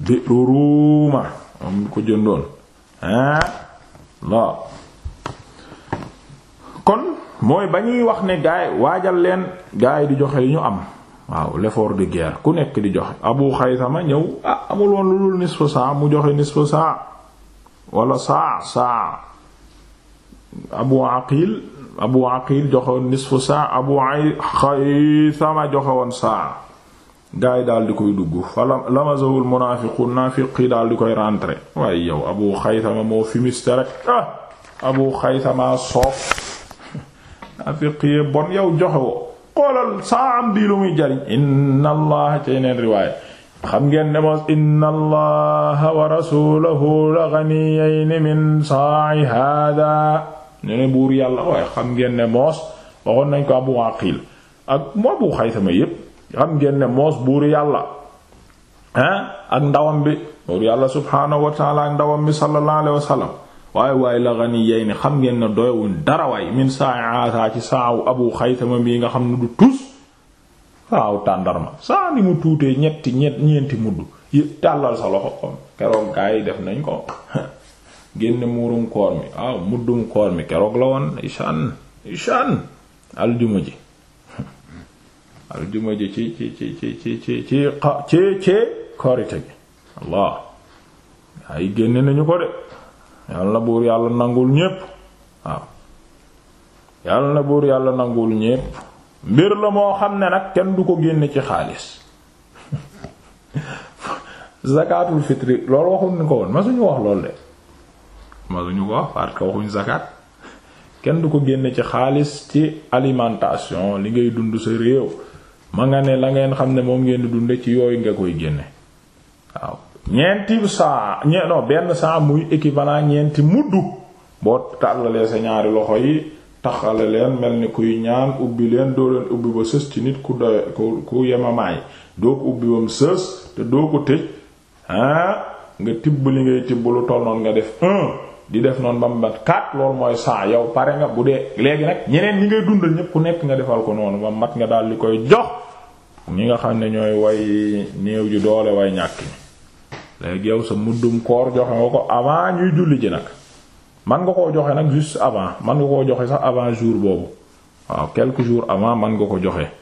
Bi'ru Ruuma am ko jëndoon waaw kon mooy ba ñuy wax ne gaay waajal leen gaay di joxe yi ñu am waaw l'effort de guerre ku nekk di joxe Abu Xaysama ñëw ah amul woon lu dul nisfu saa mu joxe nisfu saa wala saa saa Abu Aqil Abu Aqil joxe woon nisfu saa Abu Xaysama joxe woon saa gaa yi daal di koy dugg fa lamazahul munaafiqun naafiq yi daal di koy rentré waaye yow abu xaysama moo fumiste rek ah abu xaysama soof naafiq yi bon yow joxe woo xoolal saa am bii jariñ inna allaha ci yeneen riwaaya xam ngeen ne moos inna allaha wa la ganiyayn min sa'i hada ñu ne buur yàlla waaye xam ngeen ne moos waxoon nañ ko abu aqil ak abu xaysama yépp xam ngeen ne moos buuru yàlla ah ak ndawam bi buuru yàlla subhaanahu wa ak ndawam bi sallallahu alayhi wa sallam waaye waaye la ganiyayni xam ngeen ne doyawuñ dara waay min saa ata ci saawu abu xaytama bi nga xam ne du tus saawu tàndarma saa ni mu tuutee ñetti ñet ñeenti mudd tàllal sa loxo kon keroog gaa yi def nañ ko génne muurum koor mi waaw muddum koor mi keroog la woon ishan ishan aljuma ji aljuma ji ci ci ci ci ci ci ci ci ci korite gi allah ay génne nañu ko de yàlla na buur yàlla nangul ñépp waaw yàlla na buur yàlla nangul ñépp mbir la moo xam ne nag kenn du ko génne ci xaalis zakatul fitri loolu waxuñ ni ko woon ma suñu wax lool de ma suñu ko wax parce que waxuñ zakat kenn du ko génne ci xaalis ci alimentation li ngay dund sa réew ma nga ne la ngeen xam ne moom ngeen di dunde ci yooyu nga koy génne waaw ñeenti saa ñe non benn saa muy équivalent ñeenti mudd boo tàllalee sa ñaari loxo yi taxale leen mel ni kuy ñaan ubbi leen doo leen ubbi ba sës ci nit ku doy ku ku yemamaay doo ko ubbi bam sës te doo ko tëj ah nga tibb li ngay tibb lu tolloon nga def un di def noonu ba mu mat 4 loolu mooy 100 yow pare nga bu dee léegi nag ñeneen ñi ngay dundal ñépp ku nekk nga defal ko noonu ba mat nga daal di koy jox ñi nga xam ne ñooy way néew ju doole waaye ñàkk ñi léegi yow sa muddum koor joxe nga ko avant ñuy julli ji nag man nga koo joxe nag juste avant man nga koo joxe sax avant jour boobu waaw quelque jour avant man nga ko joxe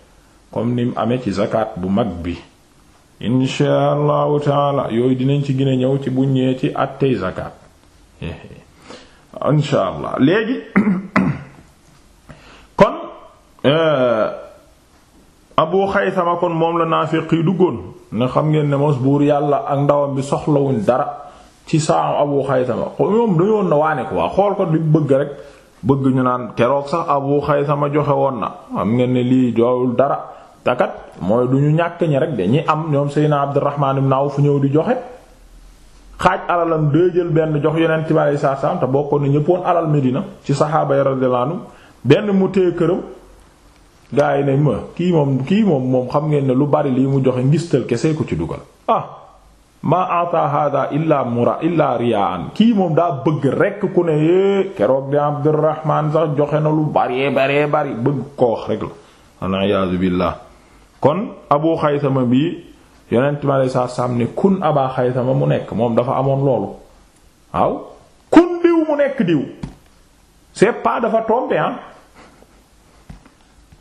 comme ni mu amee ci zakat bu mag bi insha allahu taala yooyu dinañ ci gën a ñëw ci bu ñëwee ci attey zakat Eh, eh. insha allah léegi kon eh, abu sama kon moom la naafiq yi duggoon ne xam ngeen ne mos buur yàlla ak ndawam bi soxlawuñ dara ci saamu abu xaysama moom dañoon na waane ko waa xool ko di bëgg rek bëgg ñu naan keroog sax abu xaysama joxe woon na xam ngeen ne lii joowul dara takat mooy du ñu ñàkk ñi rek dañuy am ñoom seyna abdurrahman ibn awf ñëw di joxe xaaj alalam dee jël benn jox yeneen ci bari saa saam te bokkoon na ñëppoon alal Medina ci saxaaba yi radiyallahu anhum benn mu téye këram gaa yi ne ma kii moom kii moom moom xam ngeen ne lu bari lii mu joxe ngistal kese ko ci dugal ah ma ata hada illa mura illa riyaan kii moom daa bëgg rekk ku ne é eh, keroog di Abdurrahman sax joxe na lu bari bari bari bëgg ko rek la al iyaazu billah kon Abu Xaysama bi yonent mi aleyhi salaatu kun Abaa Xaysama mu nekk moom dafa amoon loolu waaw kun diw mu nekk diw c'est dafa tombé ah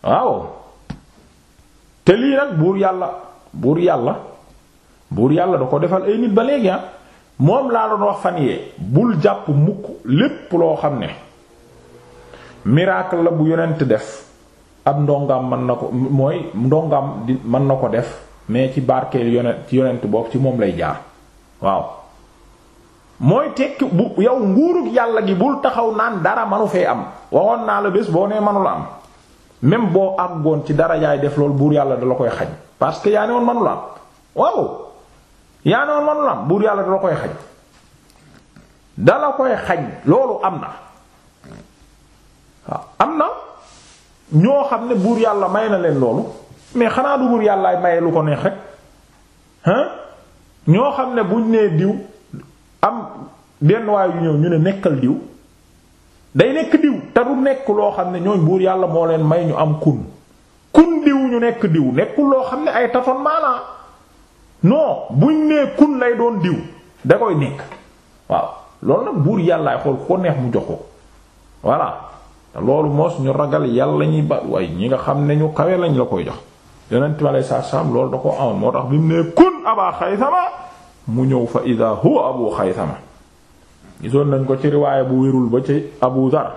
waaw te lii nag buur yàlla buur yàlla buur yàlla da ko defal ay nit ba léegi ah moom laa doon wax fan yee bul jàpp mukk lépp loo xam ne miracle la bu yonent def ab ndongaam mën na ko mooy ndongaam di mën na ko def mais ci barke yonent ci yonent boobu ci moom lay jaar waaw mooy tekki bu yow nguurug yàlla gi bul taxaw naan dara manu fee am waxoon naa la bés boo nee manula am même boo àggoon ci dara yaay def loolu buur yàlla dala koy xaj parce que yaa ne woon manula am waaw yaa ne woon manula am buur yàlla dala koy xañ dala koy xañ loolu am na waaw am na ñoo xam ne buur yàlla may na leen loolu mais xanaa du buur yàllaay maye lu ko neex rek ah ñoo xam ne buñ nee diw am benn waay yu ñu ne nekkal diw day nekk diw te du nekk loo xam ne ñooñ buur yàlla moo leen may ñu am kun kun diw ñu nekk diw nekkul loo xam ne ay taton maanaa non buñ nee kun lay doon diw da koy nekk waaw loolu nag buur yàllaay xool ko neex mu jox ko te loolu moos ñu ragal yàlla ñuy ba waaye ñi nga xam ne ñu kawe lañ la koy jox yonent ma lay saa saam loolu da ko amoon moo tax bi mu ne kun aba xaysama mu ñëw fa ida huwa abu xaysama gisoon nañ ko ci riwaaya bu wérul ba ci abu dhar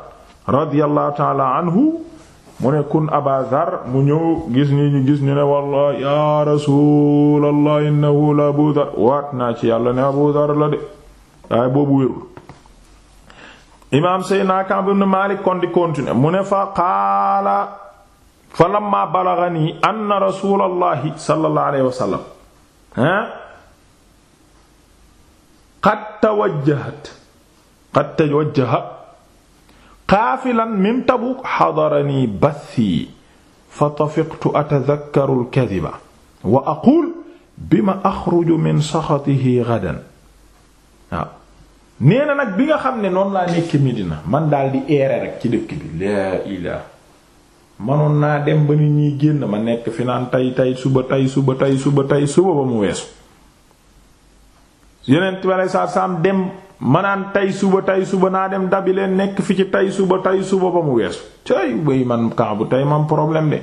radiyallahu taala anhu mu ne kun aba dhar mu ñëw gis ni ñu gis ñu ne wallahi ya rasulallah innahu la abu dhar waat naa ci yàlla ne abu dhar la de waaye boobu wérul imaam Seydina Kaab ibn Maalik kon di continuer mu ne fa qaala fa lamma balagani anna rasulallahi sallallahu alayhi wa sallam ah qad tawajjahat qad tawajjaha qaafilan min Tabuk hadarani bathi fa tafiqtu atadhakkaru al-kadhiba wa aqul bima akhruju min sakhatihi ghadan waaw nee na nag bi nga xam ne noonu laa nekk Medina man daal di eere rek ci dëkk bi laa ilaaha manoon naa dem ba nit ñi génn ma nekk fi naan tey tey suba tey suba tey suba tey suba ba mu weesu yeneen tibere saa saam dem ma naan tey suba tey suba naa dem dabi leen nekk fi ci tey suba tey suba ba mu weesu tey bay man kaabu tey man problème de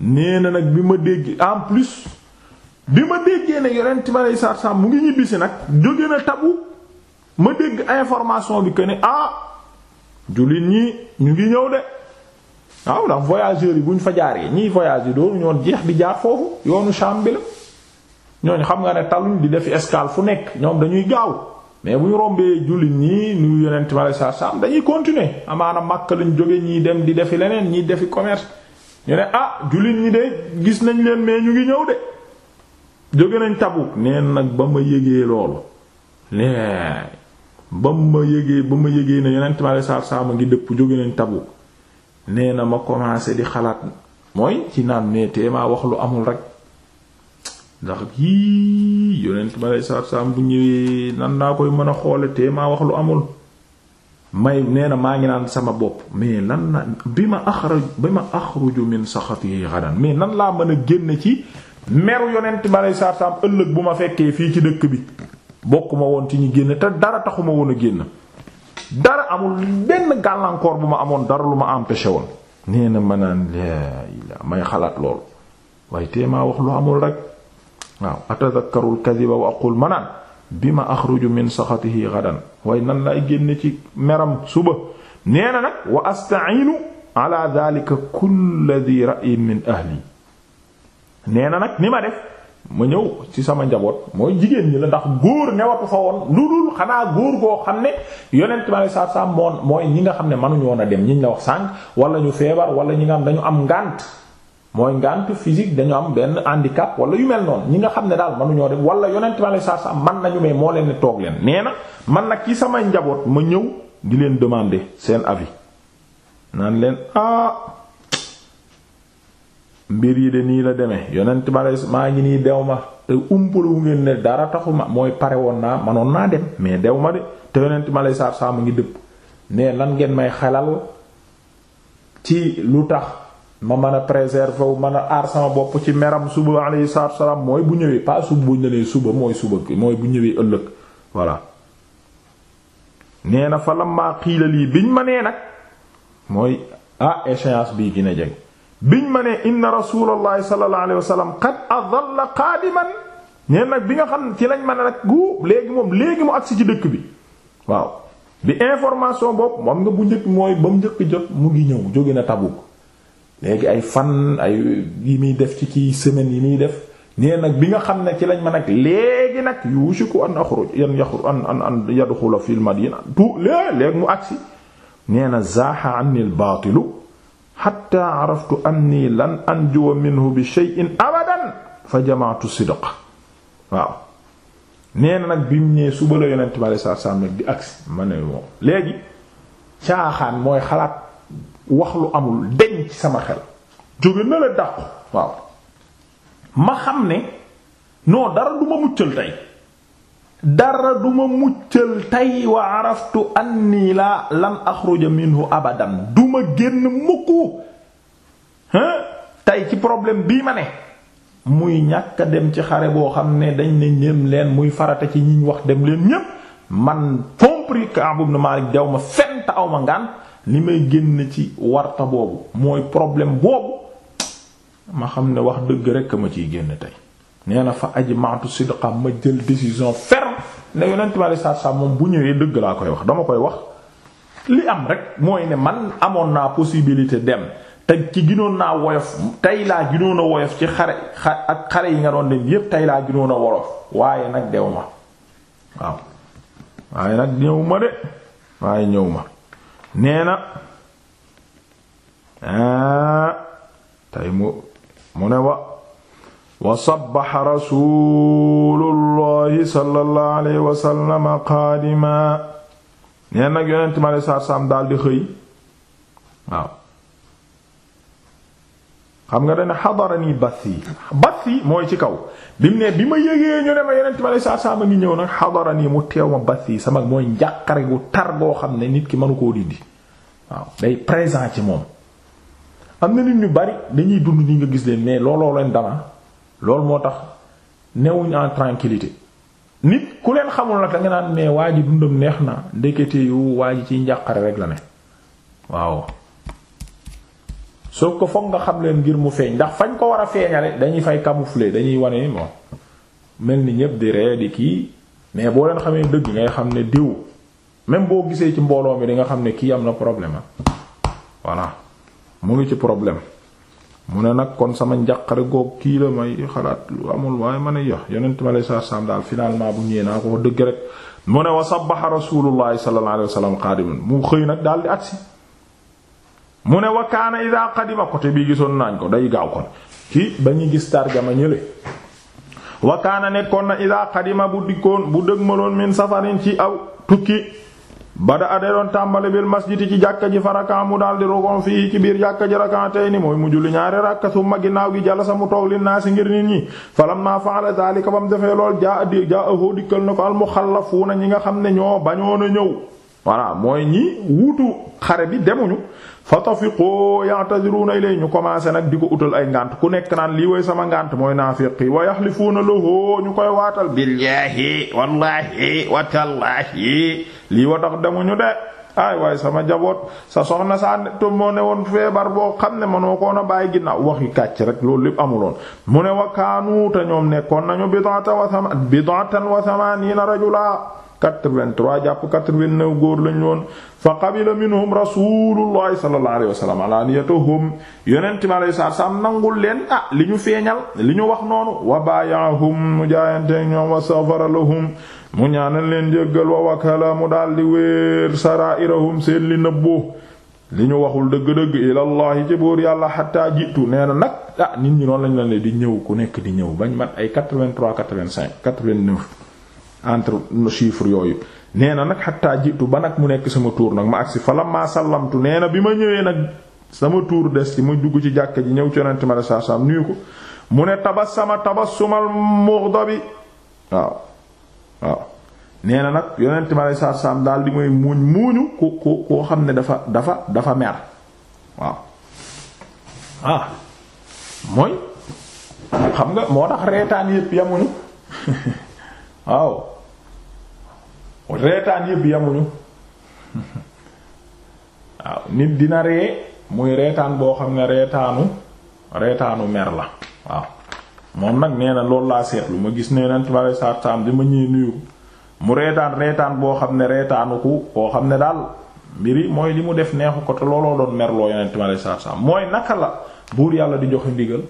nee na nag bi ma dégg en plus bi ma déggee ne yeneen tibere saa saam mu ngi ñibbisi nag jóge na tabu ma dégg information bi que ne ah jullit ñi ñu ngi ñëw de waaw ndax voyageurs yi bu ñu fa jaaree ñiy voyage yi doonu ñoon jeex di jaar foofu yoonu Sham bi la ñooñ xam nga ne taluñ di def escale fu nekk ñoom dañuy gaaw mais bu ñu rombee jullit ñi nuyu yeneen ma sa sam dañuy continuer amaana màkk lañ jóge ñii dem di defi leneen ñii defi commerce ñu ne ah jullit ñi de gis nañ leen mais ñu ngi ñëw de jóge nañ Tabuk neen nag ba ma yégee loolu lee ba ma yégee ba ma yégee ne yeneen ma sa sam ngi dëpp jóge nañ Tabuk nee na ma commencé di xalaat mooy ci naan nee teemaa wax lu amul rek ndax yii yonent ma lay saab bu ñëwee nan naa koy mën a xoole maa wax lu amul may nee na maa ngi naan sama bopp mais lan na bi ma axraj bi ma axruju min saxatihi xadan mais nan laa mën a génn ci meru yonent ma lay saab ëllëg bu ma fekkee fii ci dëkk bi bokkuma woon ci ñu génn te dara taxuma woon a génn dara amul benn gàllankoor bu ma amoon dara lu ma empêché woon nee na ma naan laa ilaa may xalaat loolu waaye tee maa wax lu amul rek waaw atadakkarul kadiba wa aqul ma naan bi ma axruju min saxatihi gadan waaye nan laay génne ci meram suba nee na nag wa astainu ala dalika kulli di ra'yin min ahli nee na nag ni ma def ma ñëw ci sama njaboot mooy jigéen ñi la ndax góor newatu fa woon lu dul xanaa góor goo xam ne yonent ma saa saa moon mooy ñi nga xam ne mënuñu woon a dem ñi ñu wax sànq wala ñu feebar wala ñi nga xam am ngànt mooy ngànt physique dañu am benn handicap wala yu mel noonu ñi nga xam ne daal mënuñoo dem wala yonent ma saa saa man nañu mais moo leen ne toog leen nee na man nag ci sama njaboot ma ñëw di leen demander seen avis naan leen ah. mbir yi de nii la demee yonent ma maa ngi nii dew ma te umpaluwu ngeen ne dara taxu ma mooy pare woon naa manoon naa dem mais dew ma de te yonent ma lay saar saa mu ngi dëpp ne lan ngeen may xelal ci lu tax ma mën a préserver ma mën a aar sama bopp ci meram suba alayhi salaatu salaam mooy bu ñëwee pas suba bu ñëwee suba mooy suba mooy bu ñëwee ëllëg voilà. nee na fa lammaa xiila lii biñ ma nee nag mooy ah échéance bii gin a jeg biñ ma ne inna rasulallahi sallallahu alayhi wa sallam qad adalla qaadiman ñeen nag bi nga xam ne ci lañ ma ne nag gu léegi moom léegi mu agsi ci dëkk bi waaw bi information boobu moom nga bu njëkk mooy ba mu njëkk jot mu ngi ñëw jóge na Tabuk léegi ay fan ay yi muy def ci kii semaine yi muy def ñeen nag bi nga xam ne ci lañ ma nag léegi nag yushiku an axruj yan yaxruj an an an yadxula fil mu agsi nee na zaaxa anil baatilu xatta araftu anni lan anjuwa minhu bi shay'in abadan fa jamaatu sidq waaw nee nag bi mu ñëwee suba la yonent bi aleyhi salaatu salaam di agsi ma ne moom léegi caaxaan mooy xalaat wax lu amul deñ sama xel jóge na la dàqu waaw ma xam ne non dara du ma muccal tey dara duma muccal tey wa araftu anni la lan axruja minhu abadan duma génn mukku hein tey ci problème bii ma ne muy ñàkk dem ci xare boo xam ne dañ ne ñëm leen muy farata ci ñiñ wax dem leen ñëpp man compris Ka'b ibn Malik dew ma fent aw ma ngaan li may génn ci warta boobu mooy problème boobu ma xam ne wax dëgg rekk ma ciy génn tey nee na fa aji maatu sidqa ma jël décision ferme ne yonent saa saa moom bu ñëwee dëgg laa koy wax dama koy wax li am rek mooy ne man amoon naa possibilité dem teg ci ginoon naa woyof tey laa ginoon a woyof ci xare ak xare yi nga doon dem yépp tey laa ginoon a wolof waaye nag dew ma waaw waaye nag ñëw ma de waaye ñëw ma nee na ah mu mu ne wa wa sabbaxa rasuulullahi sallallahu alayhi wa sallam qaadimaa neen nag yonent mi alayhi salaatu salaam daldi xëy waaw xam nga dana xadarani bath yi bath yi mooy ci kaw bi mu ne bi ma yëgee ñu ne ma yonent mi alayhi salaatu salaam a ngi ñëw nag xadarani mu teew ma bath yi sama mooy njàqare gu tar goo xam ne nit ki mënu koo dindi waaw day présent ci moom am na nit ñu bari dañuy dund ni nga gis leen mais looloo leen dama loolu moo tax newuñ en tranquillité nit ku leen xamul nag da naan ne waa ji dundam neex na ndekete yu waa ji ci njàqare rek la ne waaw soo ko foog nga xam leen ngir mu feeñ ndax fañ ko war a feeñale dañuy fay camoufler dañuy wane moom mel ni ñépp di ree di kii mais boo leen xamee dëgg ngay xam ne diw même boo gisee ci mbooloo mi di nga xam ne kii am na problème ah voilà mu ngi ci problème mu ne nag kon sama njàqare goog kii la may xalaat lu amul waaye ma ne yox yonent ma lay saa saam daal finalement bu ñëwee naa ko wax dëgg rek mu ne wa sabbaha rasulullahi sallallahu alayhi wa sallam qaadiman mu nag daal di agsi mu ne wa kaana ida qadima côté bii gisoon naañ ko day gaaw kon kii ba ñuy gis tarjama ñële wa kaana nekkoon na ida qadima bu dikkoon bu dëgmaloon min safarin ci aw tukki bada adee doon tàmbali bil masjidi ci jàkka ji farakan mu daal di rogon fii ci biir jàkka ji rakan tey ni mooy mu julli ñaari rakka summa ginnaaw gi jala sa toog li naa ngir nit ñi falam naa faala daalika ba mu defee lool jaa di jaa ahoo dikkal na ko almuxallafuuna ñi nga xam ne ñoo bañoon a ñëw mooy ñi wuutu xare bi demuñu fa tafiqoo ya'tadiruuna ilay ñu commencé nag di ko utal ay ngànt ku nekk naan lii woy sama ngànt mooy naafiqi wa yaxlifuuna lahu ñu koy waatal billaahi wallaahi wa tallaahi lii wa tax ñu de ay waaye sama jaboot sa soxna saa to moo ne woon feebar boo xam ne manoo koon a bàyyi ginnaaw waxi kàcc rek loolu lépp amuloon mu ne wa kaanu te ñoom nekkoon nañu bid'atan wa thamaniina rajula 83 jàpp 89 góor lañ woon fa qabila minhum rasulullahi sallallahu alayhi wa sallam alaniyatuhum yonente mi alayhi salaatu salaam nangul leen ah li ñu feeñal li ñu wax noonu wa bayaahum mu jaayante ñoom wa safara lahum mu ñaanal leen jéggal wa wakala mu daal di wéer sarairahum seen li nëbboo li ñu waxul dëgg-dëgg ilallahi ci buur yàlla xataa jiitu nee na nag ah nit ñi noonu lañ la ne di ñëw ku nekk di ñëw bañ mat ay 83 85 89 entre chiffre yooyu nee na nag xattaa jiitu ba nag mu nekk sama tuur nag ma agsi falamma sallamtu nee na bi ma ñëwee nag sama tuur des ci ma dugg ci jàkk ji ñëw ci yonent ma saa saa nuyu ko mu ne tabassama tabassumal mughdabi waaw waaw nee na nag yonent ma saa saa daal di may muuñ muuñu ku ku xam ne dafa dafa dafa mer waaw ah mooy xam nga moo tax reetaan yépp yamuñu waaw reetaan yépp yamuñu waaw nit dina ree muy reetaan boo xam ne reetaanu reetaanu mer la waaw moom nag nee na loolu laa seetlu ma gis nee nent ma saat saam di ma ñuy nuyu mu reetaan reetaan boo xam ne reetaanu ku koo xam ne daal mbiri mooy li mu def neexu ko te looloo doon merloo yonent ma lay saar saam mooy naka la buur yàlla di joxe ndiggal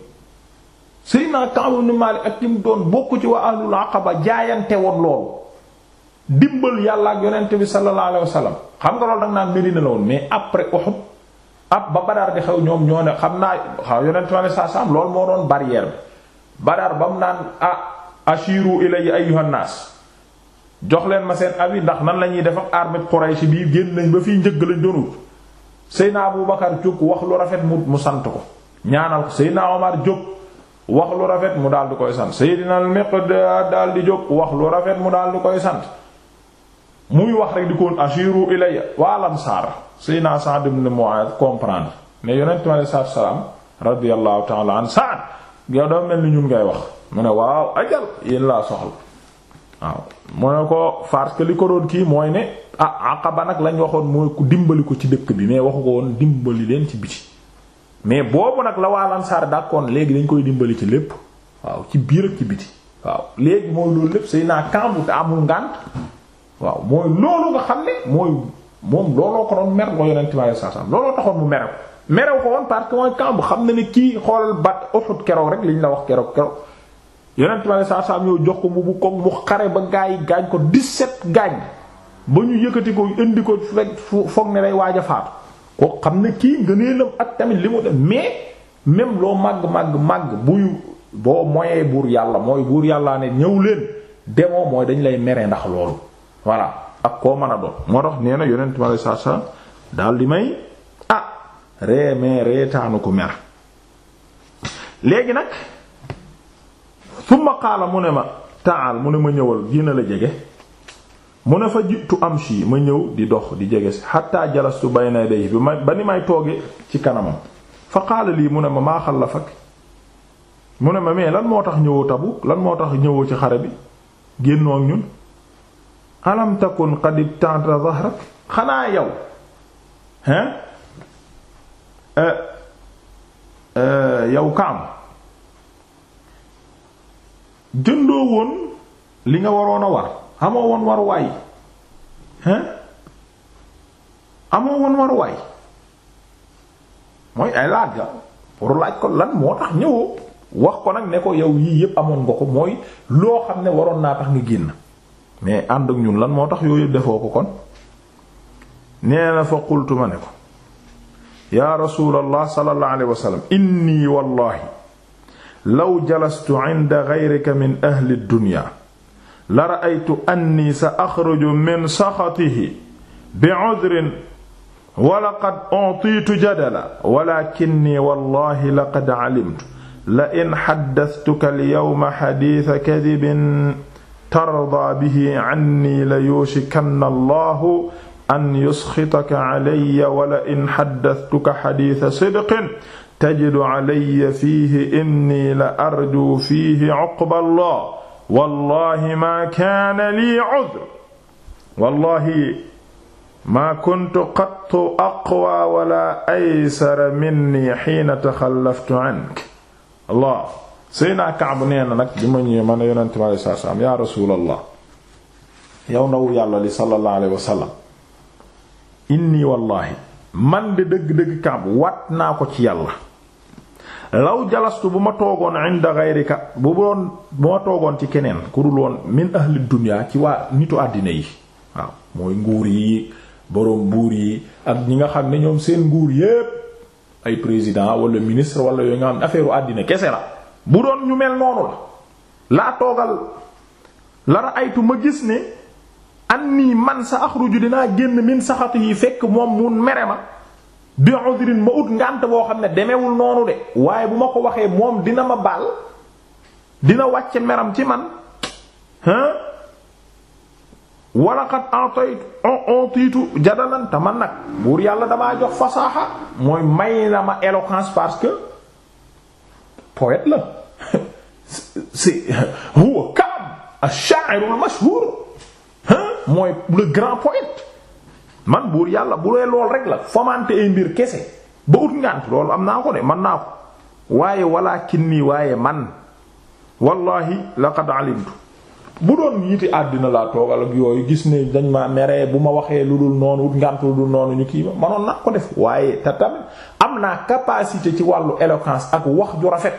Seydina naa ibn Malik ak ñi mu doon bokk ci waa ahlul Aqaba jaayante woon loolu dimbal yàlla ak yonent bi sallallahu alayhi wasallam xam nga loolu da nga naan Medina la woon mais après Uhud ab ba Badar di xew ñoom ñoo ne xam naa xaw yonent bi saa saam loolu moo doon barrière bi Badar ba mu naan a ashiru ilayya ayyuhan nas jox leen ma seen avis ndax nan la ñuy def ak armée Quraysh bi génn nañ ba fiy njëgg lañ doon wut Seydina Abu jóg wax lu rafet mu sant ko ñaanal ko Seydina Omar jóg wax lu rafet mu daal di koy sant Seydina al-Miqdad daal di jóg wax lu mu daal koy sant. muy wax rek di koon ashiru ilayya wal ansar sayna Sa'd ibn Mu'adh comprendre ne yonent mi alei salaatu salaam radiyallahu ta'ala an Sa'd yow dafa mel ni ñun ngay wax mu ne waaw ajal yéen laa soxla waaw mu ne ko parce li ko doon kii mooy ne ah Aqaba nag lañ waxoon mooy ku dimbali ko ci dëkk bi mais waxu ko woon dimbali leen ci biti mais boobu nag la waa Ansaar dàkkoon léegi dañ koy dimbali ci lépp waaw ci biir ak ci biti waaw léegi mooy loolu waaw mooy loolu nga xam ne mooy moom looloo ko doon mer loo yonent ma saa saa looloo taxoon mu merew merew ko woon parce que mooy camp xam na ne kii xoolal bat Uhud keroog rek liñ la wax keroog keroog yonent ma saa saa ñëw jox ko mu bu ko mu xare ba gaa yi gaañ ko di set gaañ ba ñu yëkkati ko indi ko fekk foog ne day waaj a faatu koo xam ne kii ngëneelam ak tamit li mu def mais même loo màgg màgg màgg buy boo moyee buur yàlla mooy buur yàlla ne ñëw leen demoo dañ lay mere ndax loolu voilà ak koo mën a doon moo tax nee na yonent ma lay saa saa daal di may ah ree mais reetaanu ko mer léegi nag summa qaala mu ne ma taal mu ne ma ñëwal dina la jege mu ne fa am amshi ma ñëw di dox di jege si hatta jalastu bayna yadayhi bi ma ba ni may tooge ci kanamam fa qaala lii mu ne ma la xallafak mu ne ma mais lan moo tax ñëwoo Tabuk lan moo tax ñëwoo ci xare bi génnoo ak ñun alam takun qad ibta'ta dhahrak xanaa yow hein euh, euh, yow kaam jëndoo woon li nga waroon a war amoo woon waruwaay waay hein amoo woon war mooy ay laaj ga pour laaj ko lan moo tax ñëwoo wax ko nag ne ko yow yii yépp amoon nga ko mooy loo xam ne waroon naa tax nga génn mais ànd ak ñun lan moo tax yooyu defoo ko kon nee na fa qultu ma ne ko yaa rasulallah sallallahu alayhi wa sallam inni wallahi law jalastu inda ghayrika min ahli dunya la ra'aytu anni sa axruju min saxatihi bi'udrin wa laqad u'tiitu jadala walaakinni wallahi laqad alimtu la in haddathtuka al-yawma haditha kadhibin tarda bihi anni la yushikanna allahu an yusxitaka alayya wala in xaddastuka xadiisa sidqin tajidu alayya fiihi inni la arju fiihi uqba allah wallahi maa kaana lii udr wallahi maa kuntu qattu aqwa wala aysara minni xiina taxallaftu anka allah Seyna Kaab nee na nag bi ma ñëwee man ne yonent mi alayhi salaatu salaam yaa rasuulallah yow ndaw yàlla li sallallahu alayhi wa sallam inni wallaahi man de dëgg-dëgg Kaab wat naa ko ci yàlla. law jalastu bu ma toogoon inda gayrika bu toogoon ci keneen ku dul woon min ahli dunya ci waa nitu àddina yi waaw mooy nguur yi boroom buur yi ak ñi nga xam ne ñoom seen nguur yépp ay président wala ministre wala yooyu nga xam ne affaire àddina kese la. bu doon ñu mel noonu la laa toogal la aytu ma gis ne an nii man sa axruju dinaa génn min saxatu yi fekk moom mun mere ma bi udrin ma ut ngànt boo xam ne demewul noonu de waaye bu ma ko waxee moom dina ma baal dina wàcce meram ci man hein walaqad ataytu utitu jadalan te man nag buur yàlla damaa jox fasaaxa mooy may na ma éloquence parce que poète la c'est huwa Kaab ash-sha'ir al-mashhur mooy le grand poète man buur yàlla bu dee lool rek la fomante ay mbir kese ba ut ngànt loolu am naa ko de man naa ko waaye walaakin nii waaye man wallahi laqad alimtu bu doon yiti àddina laa toogal ak yooyu gis ne dañ ma meree bu ma waxee lu dul noonu wut lu dul noonu ñu kii ma manoon naa ko def waaye te tamit am naa capacité ci wàllu éloquence ak wax ju rafet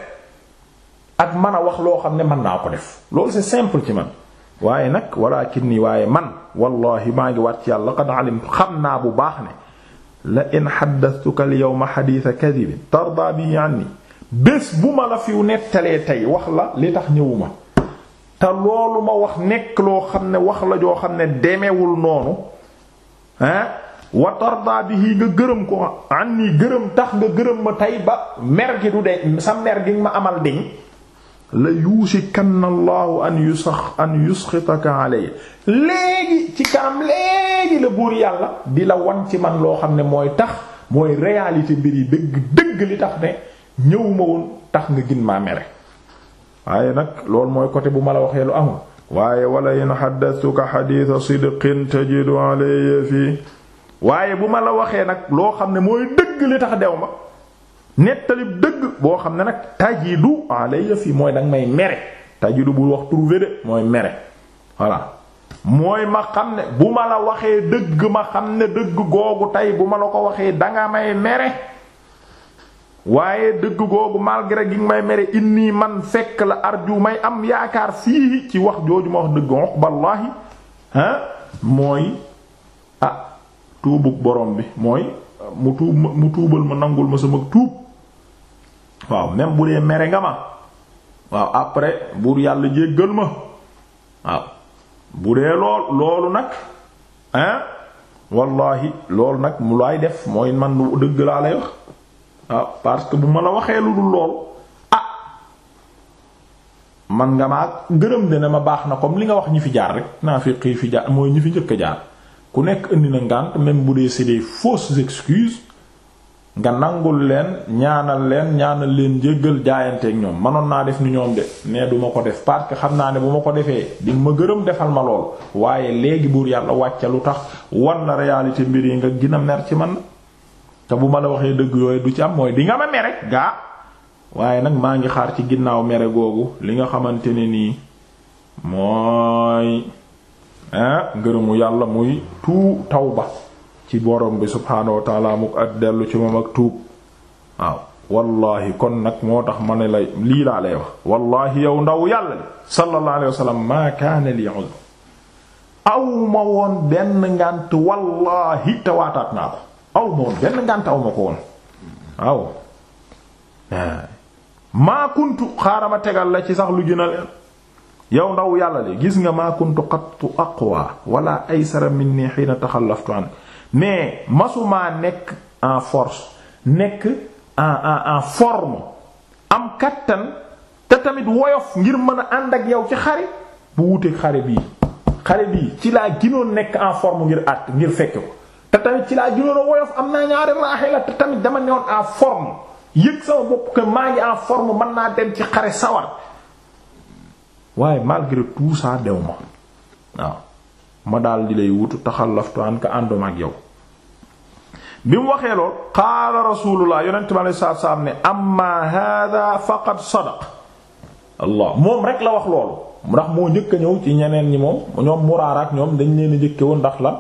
ak mën a wax loo xam ne mën naa ko def loolu c'est simple ci man waaye nag walakin ni waaye man wallahi maa ngi waat ci yàlla qad alim xam naa bu baax ne la in xaddastuka al yawma xadiisa kadibin tarda bi anni bés bu ma la fiw nettalee tey wax la li tax ñëwuma te loolu ma wax nekk loo xam ne wax la joo xam ne demewul noonu ah wa tarda bihi nga gërëm ko an nii gërëm tax nga gërëm ma tey ba mer gi du de sa mer gi ma amal deñ la yuusikanna allahu an yusax an yusxitaka alay léegi ci kanam léegi la buur yàlla di la wan ci man loo xam ne mooy tax mooy réalité mbir yi dëgg dëgg li tax ne ñëwuma woon tax nga gin maa mere waaye nag loolu mooy côté bu ma la waxee lu amul waaye wala in xaddastuka xadiisa sidqin tajidu alayhi fii waaye bu ma la waxee nag loo xam ne mooy dëgg li tax dew ma nettalib dëgg boo xam ne nag tajidu alayhi fii mooy danga may mere tajidu bu wax trouver de mooy mere voilà mooy ma xam ne bu ma la waxee dëgg ma xam ne dëgg googu tey bu ma la ko waxee danga may mere waaye dëgg googu malgré gi may mere inni man fekk la arju may am yaakaar fii ci wax jooju ma wax dëgg uqballaahi ah mooy bi mooy mu ma nangul ma sama tuub waaw bu dee nga ma waaw après buur yàlla jéggal ma waaw bu dee lool loolu nag ah wallaahi loolu nag mu laay def mooy man dëgg laa la wax ah parce que bu ma la waxee lu dul lool ah man nga maa gërëm de ne ma baax na comme li nga wax ñi fi jaar rek naa fi xii fi mooy ñi fi njëkk a jaar ku nekk indi na ngànt même bu dee c'est des fausses excuses nga nangul leen ñaanal leen ñaanal leen jéggal jaayanteek ñoom manoon naa def ni ñoom de mais du ko def parce que xam naa ne bu ma ko defee di ma gërëm defal ma lool waaye léegi buur yàlla wàcce lu tax war na réalité mbir yi nga gën mer ci man. te bu ma la waxee dëgg yooyu du ci mooy di nga ma mere gaa waaye nag maa ngi xaar ci ginnaaw mere googu li nga xamante ne nii mooy ah, ngërëmu yàlla muy tuu ba ci borom bi subhaanahu wa taala ak dellu ci moom ak tuub waaw wallahi kon nag moo tax ma ne la lii laa lay wax wallahi yow ndaw yàlla li sallallahu alayhi wa sallam maa kaana li woon benn ngànt wallahi te naa ko aw ma woon ngànt aw ma ko woon waaw ah. maa kuntu xaaral ma tegal la ci sax lu gën a ndaw yàlla li gis nga maa kuntu qattu aqwa wala ay minni hiina taxallaftu an mais masumaa nekk en force nekk en en am kattan te tamit woyof ngir mën a ànd ak yow ci xare bu wuteeg xare bii xare bii ci laa ginoon nekk en form ngir àtt ngir fekke ko te tamit ci laa gënoon a woyof am naa ñaari raaxila te tamit dama newoon en forme yëg sama bopp que maa ngi en forme mën naa dem ci xare sawar waaye malgré tout ça dew waaw ma daal di lay wutu taxallaftu an ka yow. bi mu waxee lool qaala rasulullah yonent bi alayhi salaatu salaam ne amma hada faqad sadaq allah moom rek la wax loolu ndax moo njëkk ñëw ci ñeneen ñi moom ñoom muraaraak ñoom dañ leen a njëkke ndax la.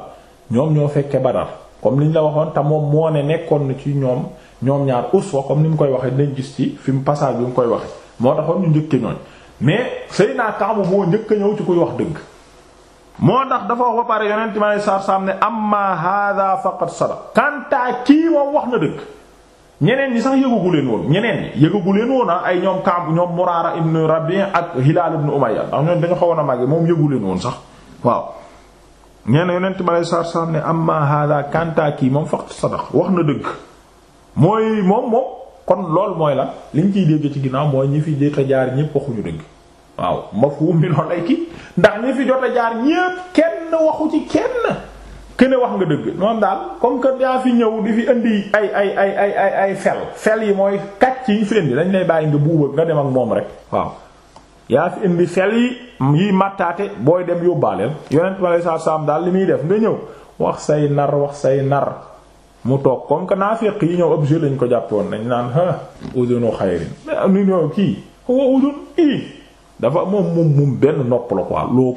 ñoom ñoo fekke Badar comme li liñ la waxoon te moom moo ne nekkoon na ci ñoom ñoom ñaar uswa comme ni mu koy waxee dinañ gis ci fi mu passage bi mu koy waxee moo taxoon ñu njëkke ñooñ mais Seydina Kaabu boo njëkk a ñëw ci kuy wax dëgg moo tax dafa wax ba pare yonent ma lay sar sam ne amma hadha faqad sadaq kantaa kii moom wax na dëgg ñeneen ñi sax yëgagu leen woon ñeneen ñi yëgagu woon ah, ay ñoom Kaab ñoom Muraara ibn Rabi' ak Hilaal ibn Umayya ndax ñoom dañu xawoon a màgg moom yëgu leen woon sax waaw nee na yonent bi aleyhi salaatu salaam am amma hada kanta kii moom faqat sadaq wax na dëgg mooy moom moom kon loolu mooy la liñ ciy dégg ci ginnaaw mooy ñi fi jot a jaar ñépp waxuñu dëgg waaw mafhum min lay ki ndax ñi fi jot a jaar ñépp kenn waxu ci kenn kene wax nga dëgg moom daal comme que daa fi ñëw di fi indi ay ay ay ay ay ay fel fel yi mooy kàcc ci fi indi dañ lay bàyyi nga buuba nga dem ak moom rek waaw yaa fi indi fel yi yi màttaate booy dem yóbbaaleel yonent ma lay saa saam daal li muy def nga ñëw wax say nar wax say nar mu toog comme que naafiq yi ñëw objet lañ ko jàppoon dañ naan ah udunu xayrin nu ñëw kii dafa moom moom moom benn nopp la ko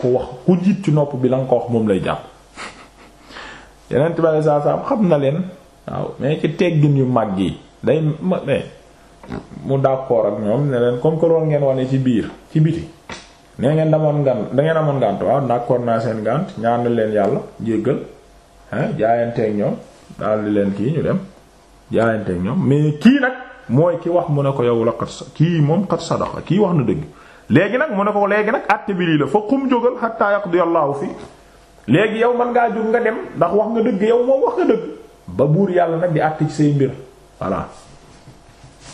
wax ku jiit ci nopp bi la ko wax moom lay jàpp yonent ma lay saa saam xam na leen waaw mais ci teggin yu mag yi day mu d'accord ak ñoom ne leen comme que loolu ngeen wane ci biir ci biti nee ngeen damoon ngan da ngeen amoon ngànt waaw d'accord naa seen ngànt ñaanal leen yàlla jéggal ah jaayanteeg ñoom daal di leen kii ñu dem jaayanteeg ñoom mais kii nag mooy ki wax mu ne ko yow la kat kii moom kat sadaqa kii wax na dëgg léegi nag mu ne ko léegi nag àtte bi lii la fa xum jógal hatta yaqdi Allahu fii léegi yow man ngaa jóg nga dem ndax wax nga dëgg yow moom wax nga ba buur yàlla nag di àtte ci say mbir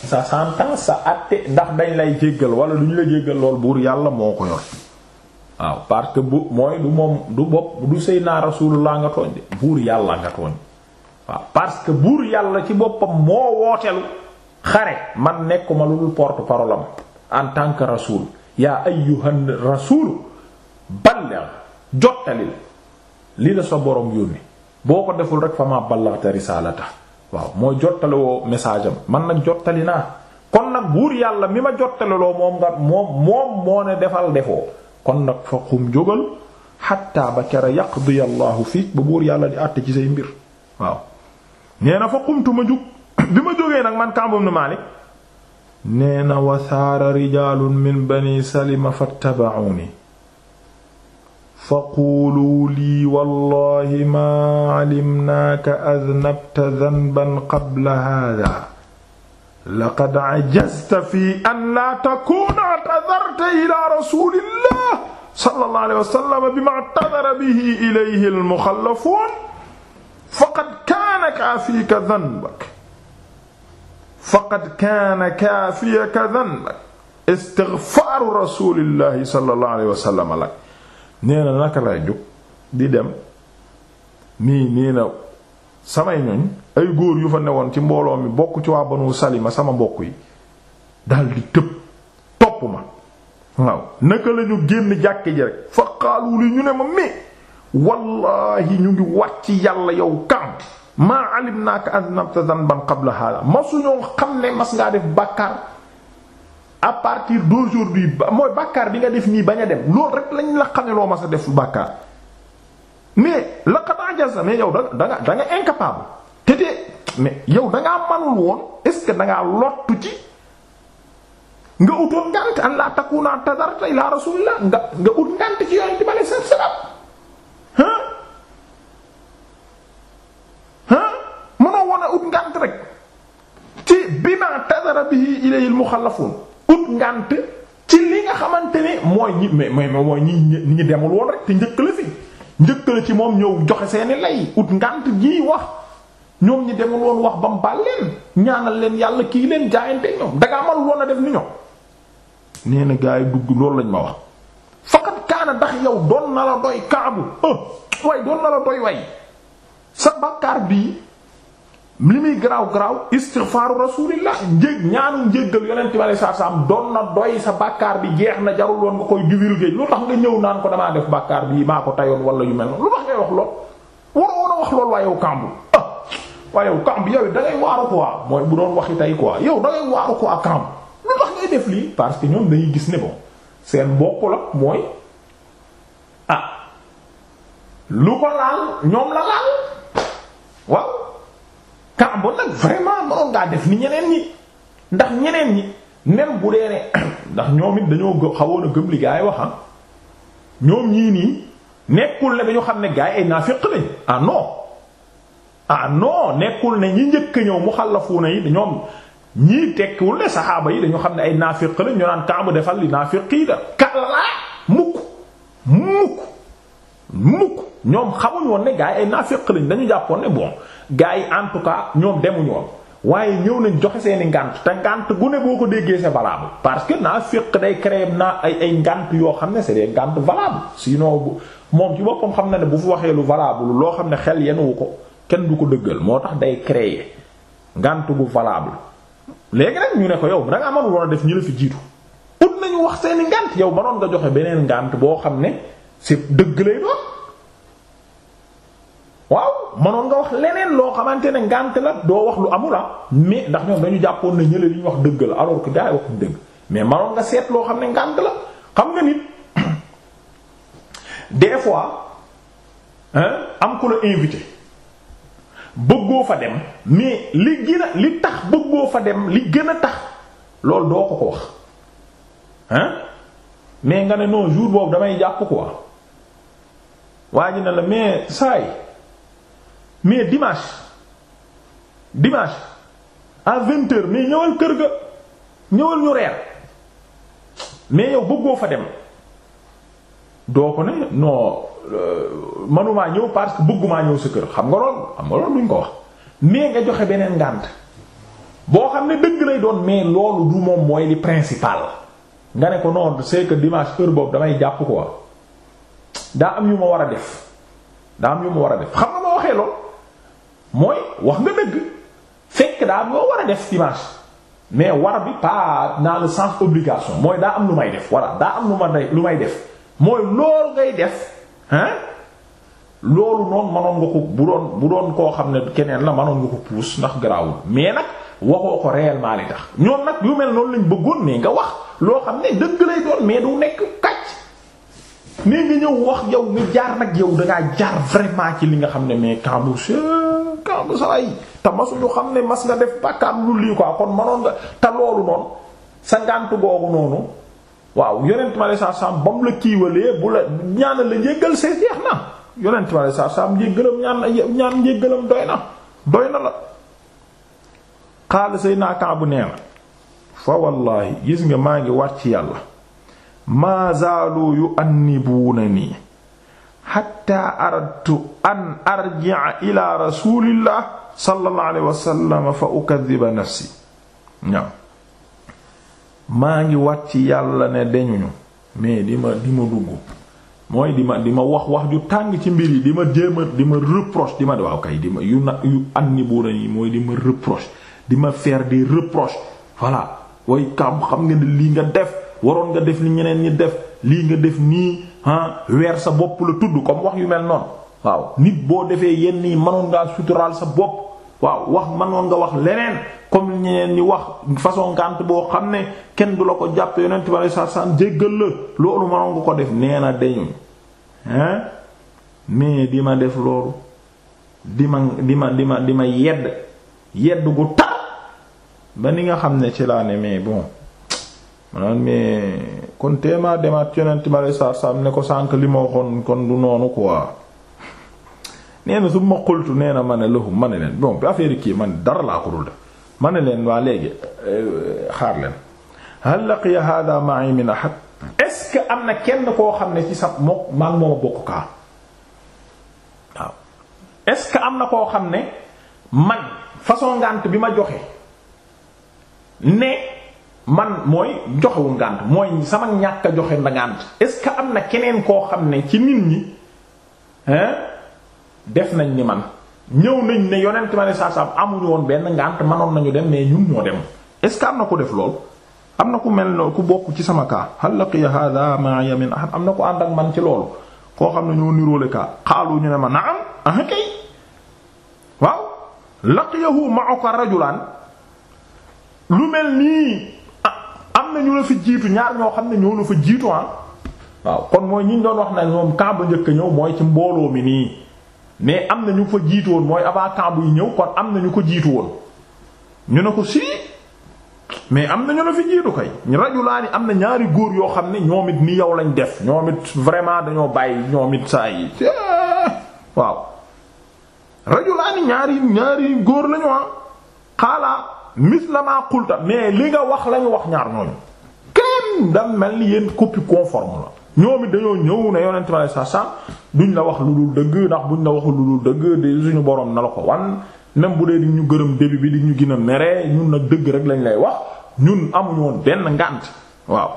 sa sentence sa àtte ndax dañ lay jéggal wala du ñu la jéggal lool buur yàlla moo ko yor waaw parce que bu mooy du moom du bopp du sëy naa rasulullah nga tooñ de buur yàlla nga tooñ waaw parce que buur yàlla ci boppam moo wooteelu xare man nekkuma lu dul porte parole am en tant que rasul yaa ayyuhan rasul balligh jottalil li la sa borom yónni boo ko deful rek fa ma ballaghta risalata waaw mooy jottalewoo message am man nag jottali naa kon nag buur yàlla mi ma jottaleloo moom nga moom moom moo ne defal defoo kon nag fa xum jógal xatta ba kera yaqdi allahu fiik ba buur yàlla di àtte ci say mbir waaw nee na fa xumtu ma jug bi ma jógee nag man kàmbam ni Maalik nee na wasaara rijaalun min bani salima fattabauni faquuluu lii wallahi maa calimnaa ka adnabta danban qabla haadaa laqad cajazta fi an laa takuuna ctadarta ilaa rasuulillah sallallahu alayhi wa sallam bimaa ctadara bihi ilayhi almuxallafuun faqad kaana kaafiyaka danbak faqad kaana kaafiyaka danbak istigfaaru rasuulillahi sallallahu alayhi wa sallam lak nee na naka lay jóg di dem nii nii na samay ñoñ ay góor yu fa newoon ci mbooloo mi bokk ci waa banu ma sama mbokk yi daldi tëb topp ma waaw naka lañu génn jàkke ji rek fa xaalu li ñu ne ma mi wallaahi ñu ngi wàcc yàlla yow kam maa alim naa ka aznabta zanban qabla hada masuñoo xam ne mas ngaa def bàkkaar à partir d'aujourd'hui mooy bàkkaar bi nga def nii bañ a dem loolu rek lañ la xame loo ma sa def bàkkaar mais laqad ajaza mais yow da nga da nga incapable te te mais yow da ngaa manul woon est-ce que da ngaa lottu ci nga utoon ngànt an la takuna tadarta ila rasulillah nga nga ut ngànt ci yonent bi alayhi salaam hein hein mënoo woon a ut ngànt rek ci bima tadara bihi ilayhi al mukhallafun ut ngànt ci li nga xamante ne mooy ñi mais mooy ñi ñi demul woon rek te njëkk la fi njëkk la ci moom ñëw joxe seeni lay ut ngant gii wax ñoom ñi demul woon wax ba mu baal ñaanal leen yàlla kii leen jaayante ñoom da amal woon a def ni ñoom. nee na gaa yi dugg loolu lañ ma wax faqat kaana ndax yow doon na la doy kaabu eh, waaye doon na la doy way sa bakkaar bii. li muy garaaw garaaw istighfaaru rasulillah njég ñaanu njéggal yonent bi saa salaam doon na doy sa bàkkaar bi jeex na jarul woon nga koy divulguer lu tax nga ñëw naan ko damaa def bàkkaar bi maa ko tayoon wala yu mel noonu lu tax ngay wax lool waroon a wax lool waa ah mooy bu doon waxi tey quoi yow da ngay waaru quoi Kambu lu tax ngay def lii parce que ñoom dañuy gis ne bon seen mbokk la mooy ah lu ko laal ñoom la laal waaw. Kaab nag vraiment mënoon ngaa def ni ñeneen ñi ndax ñeneen ñi même bu dee ne ndax ñoom it dañoo xawoon a gëm li gaa yi wax ah. ñoom ñii nii nekkul ne dañu xam ne gaa ay naafiq lañ ah non ah non nekkul ne ñi njëkk ñëw mu xalafuuna yi ñoom ñii tekkiwul ne saxaaba yi dañu xam ne ay naafiq lañ ñu naan Kaab defal li naafiq yi da kallaa mukk mukk mukk ñoom xamuñ woon ne gars yi ay naaféq lañ dañu jàppoon ne bon gars yi en tout cas ñoom demuñ waaye ñëw nañ joxe seeni ngànt te ngànt gu boo ko déggee c'est valable parce que naa naaféq day créer naa ay ay ngànt yoo xam ne c'est des ngànt valable sinon moom ci boppam xam na ne bu fu waxee lu valable loo xam ne xel yenuwu ko kenn du ko dëggal moo tax day crée ngant gu valable léegi nag ñu ne ko yow da nga woon a def ñu la fi jiitu ut nañu wax seeni ngànt yow noon nga joxe beneen ngant boo xam ne si dëgg lay doon waaw manoon nga wax leneen loo xamante ne ngànt la doo wax lu amul ah. mais ndax ñoom dañu jàppoon ne ñële li ñu wax dëgg la alors que daay waxuñ dëgg mais manoon nga seet loo xam ne ngànt la xam nga ni des fois am ku la invité fa dem mais li gën fa dem li gën a tax loolu doo ko wax mais nga ne non jour boobu damay jàpp quoi waa ji la mais saay mais dimanche dimanche à vingt heures mais ñëwal kër ga ñëwal ñu reer mais yow bëggoo fa dem doo ko ne non euh, manumaa ñëw parce que bëggumaa ñëw sa kër xam nga lool xam nga lool duñ ko wax mais nga joxe beneen ngànt boo xam ne dëgg lay doon mais loolu du moom mooy li principal nga ne ko noonu c'est que dimanche heure boobu damay jàpp quoi daa am yu ma war a def daa am yu ma war a def xam nga ma waxee lool mooy wax nga dëgg fekk daa am yoo war a def dimanche mais war bi pas dans le sens obligation mooy daa am lu may def voilà daa am lu ma de lu may def mooy lool ngay def hein loolu noonu manoon nga ko bu doon bu doon koo xam ne keneen la manoon nga ko puus ndax garaawul mais nag waxoo ko réellement li tax ñoom nag yu mel noonu lañ bëggoon mais nga wax loo xam ne dëgg lay doon mais du nekk kàcc nii nga ñëw wax yow nga jaar nag yow dangaa jaar vraiment ci li nga xam ne mais Kambou se Kambou Salaye te masuñu xam ne mas nga def bàkkaar lu lii quoi kon manoon nga te loolu noonu sa ngàntu googu noonu waaw yonent ma lay saa saam ba la kiiwalee bu la ñaanal la njéggal see jeex na yonent ma lay saa saam njéggalam ñaan ñaan doy na doy na la. xaalis say naa Kambou nee na fa wallaahi gis nga maa ngi waat ci yàlla. maa zaalu yu annibuuna nii xatta aradtu an arji'a ila rasulillah sallallahu alayhi wasallam fa ukaddiba nafsi maa ngi wat ci yàlla ne deñuñu mais di ma di ma dugg mooy di ma di ma wax wax ju tàng ci mbir yi di ma jéem a di ma reproche di ma waaw kay di ma yu na yu annibuuna nii mooy di ma reproche di ma faire des reproches voilà way kam xam nga ne lii nga def waroon nga def li ñeneen ñi def lii nga def nii ah weer sa bopp la tudd comme wax yu mel noonu waaw nit boo defee yenn yi mënoon ngaa suturaal sa bopp waaw wax manoon nga wax leneen comme li ñeneen ñi wax façon ngànt boo xam ne kenn du la ko jàpp yonent bi saa saan jéggal la loolu ma nga ko def nee na deñu hein mais di ma def loolu di ma di ma di ma di ma yedd yedd gu tar ba ni nga xam ne ci laa ne mais bon maanaam mais kon téemaa demaat yonent ma lay saar saam ne ko sànq li ma waxoon kon du noonu quoi nee na su ma xultu nee na ma ne lahum ma ne leen bon bi affaire kii man dara laa ko dul def ma ne leen waa léegi euh, xaar leen hal laqiya hada ma'i min ahad est-ce am na kenn koo xam ne ci sa mook maag mooma bokk kaa waaw est-ce que am na koo xam ne man façon ngànt bi ma joxe ne man mooy joxewu ngànt mooy sama ñàkk a joxe nda ngànt est-ce que am na keneen koo xam ne ci nit ñi hein def nañ ni man ñëw nañ ne yonent ma ne saasam amuñu woon benn ngànt manoon nañu dem ne ñun moo dem est-ce que am na ko def lool am na ku mel no ku bokk ci sama kaa hal laqiya hadha ma'a min ahad am na ko ànd ak man ci loolu koo xam ne ñoo niroole kaa xaalu ñu ne ma na'am ah kay waaw laqiyahu ma'aka rajulan lu mel nii am na ñu la fi jiitu ñaar ñoo xam ne ñoo la fa jiitu ah waaw kon mooy ñi doon wax ne moom camp ba njëkk ñëw mooy ci mbooloo mi nii mais am na ñu fa jiitu woon mooy avant camp yi ñëw kon am na ñu ko jiitu woon ñu ne ko si mais am na ñu la fi jiitu kay rajulaani am na ñaari góor yoo xam ne ñoom it ni yow lañ def ñoom it vraiment dañoo bàyyi ñoom it saa yi waaw rajulaani ñaari ñaari góor lañu ah xaalaa la ma qulta mais li nga wax lañu wax ñaar ñooñu kenn dam mel ni yéen copie conforme la ñoom it dañoo ñëw ne yonent ma sa sam la wax lu dul dëgg ndax buñ la wax lu dëgg de suñu borom na la ko wan même bu dee di ñu gërëm début bi ñu gën a mere ñun dëgg rek lañ lay wax ñun amuñu woon ngànt waaw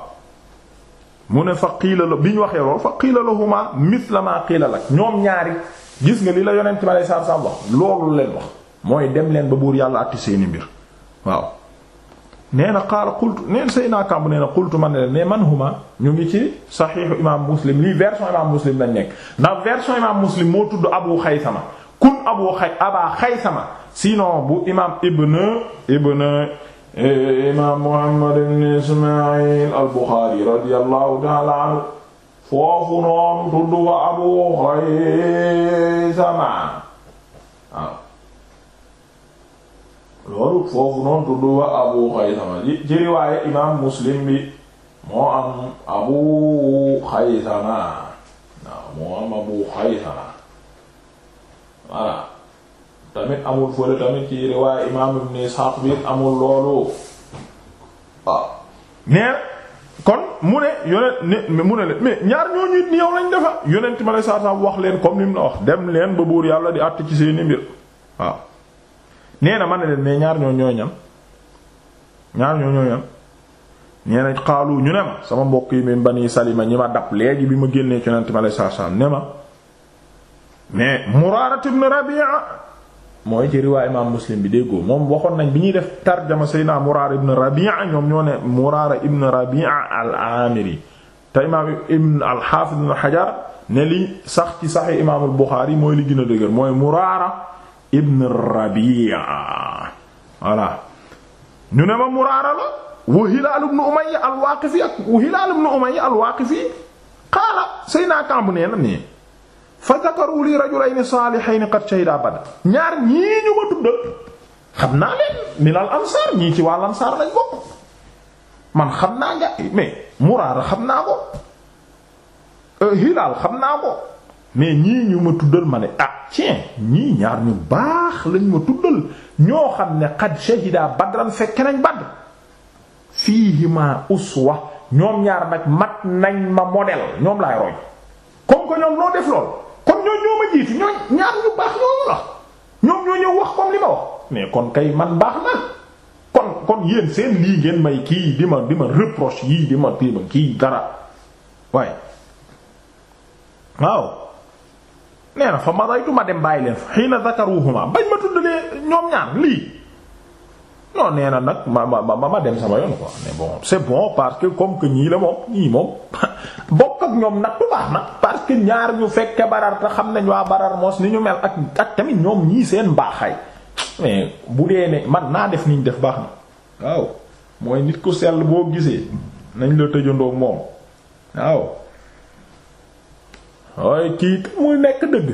mu ne fa qiila bi ñu waxee lool fa qiila lahuma misla ma qiila lak ñoom ñaari gis nga li la yonent ma sa sam leen wax mooy dem leen ba buur yàlla atti seeni mbir waaw nee na qaala qultu neen Seydina Kamb nee na qultu man ne mais man huma ñu ngi ci saxiixu imaam muslim lii version imaam muslim lañ nekk ndax version imaam muslim moo tudd Abu Xaysama kun Abu Xay Aba Xaysama sinon bu imaam Ibn Ibn e, imaam Muhammad ibn Ismaayil al-Buxaari radiyallahu ta'ala anhu foofu noonu tudd wa Abu Xaysama loolu foofu noonu tudd wa abu xaysama ji ci riwaaye imaam muslim bi moo am abu xaysama waaw moo am abu xaysama voilà tamit amul fële tamit ci riwaaye imaam ibn Isaaq bi amul loolu waaw mais kon mu ne mu ne leen mais ñaar ñooñu it ni yow lañ defa yonent ma lay saa saa wax leen comme ni mu la wax dem leen ba buur yàlla di àtt ci seeni mbir waaw nee na man ne leen mais ñaar ñoo ñooy ñan ñaar ñoo ñooy ñan nee xaalu ñu ne ma sama mbokk yi min bani salima ñi ma dab léegi bi ma génnee ci ma lay saasaan ne ma mais Muraara ibn Rabi'a mooy ci riwaay imaam Muslim bi déggoo moom waxoon nañ bi ñuy def tarjama Seydina Muraara ibn Rabi'a ñoom ñoo ne Muraara ibn Rabi'a al-Aamiri te imaam ibn al-Haafiz ibn Hajar ne li sax ci saxi imaamul Buxaari mooy li gën a dëgër mooy Muraara ibn Rabi'a voilà ñu ne ma Muraara la wa Hilaal ibn Umayya al-Waaqifi ak wa Hilaal ibn nee na nii fa zakaru li rajulayni saalihayn qad shahida Badr ñaar ñii ñu ma tuddal xam naa leen min ansaar ñii ci wàll ansaar lañ bokk man xam naa nga mais Muraara xam naa ko euh, Hilaal xam naa ko mais ñii ñu ma tuddal ma ne ah tiens ñii ñaar ñu baax lañ ma tuddal ñoo xam ne qad shahida badran fekke nañ badr fiihima uswa ñoom ñaar nag mat nañ ma modèle ñoom laay roñ comme que ñoom loo def lool kon ñoo ñoo ma jiitu ñoo ñaar ñu baax ñooñu la ñoom ñoo ñëw wax comme li ma wax mais kon kay man baax na kon kon yéen seen lii ngeen may kii di ma di ma reproche yii di ma di kii dara waaye waaw nee na fa madaytu ma dem bàyyi leen fa xiina zakaruhuma bañ ma tuddalee ñoom ñaar lii non nee na nag ma ma ba ma dem sama yoon quoi mais bon c'est bon parce que comme que ñii la moom ñii moom bokk ak ñoom nag bu baax na parce que ñaar ñu fekke barar te xam nañ waa barar moos ni ñu mel ak ak tamit ñoom ñii seen mbaaxay mais bu dee ne man naa def niñ def baax na waaw mooy nit ku sell boo gisee nañ la tëjandoog moom waaw waaye kii muy nekk dëgg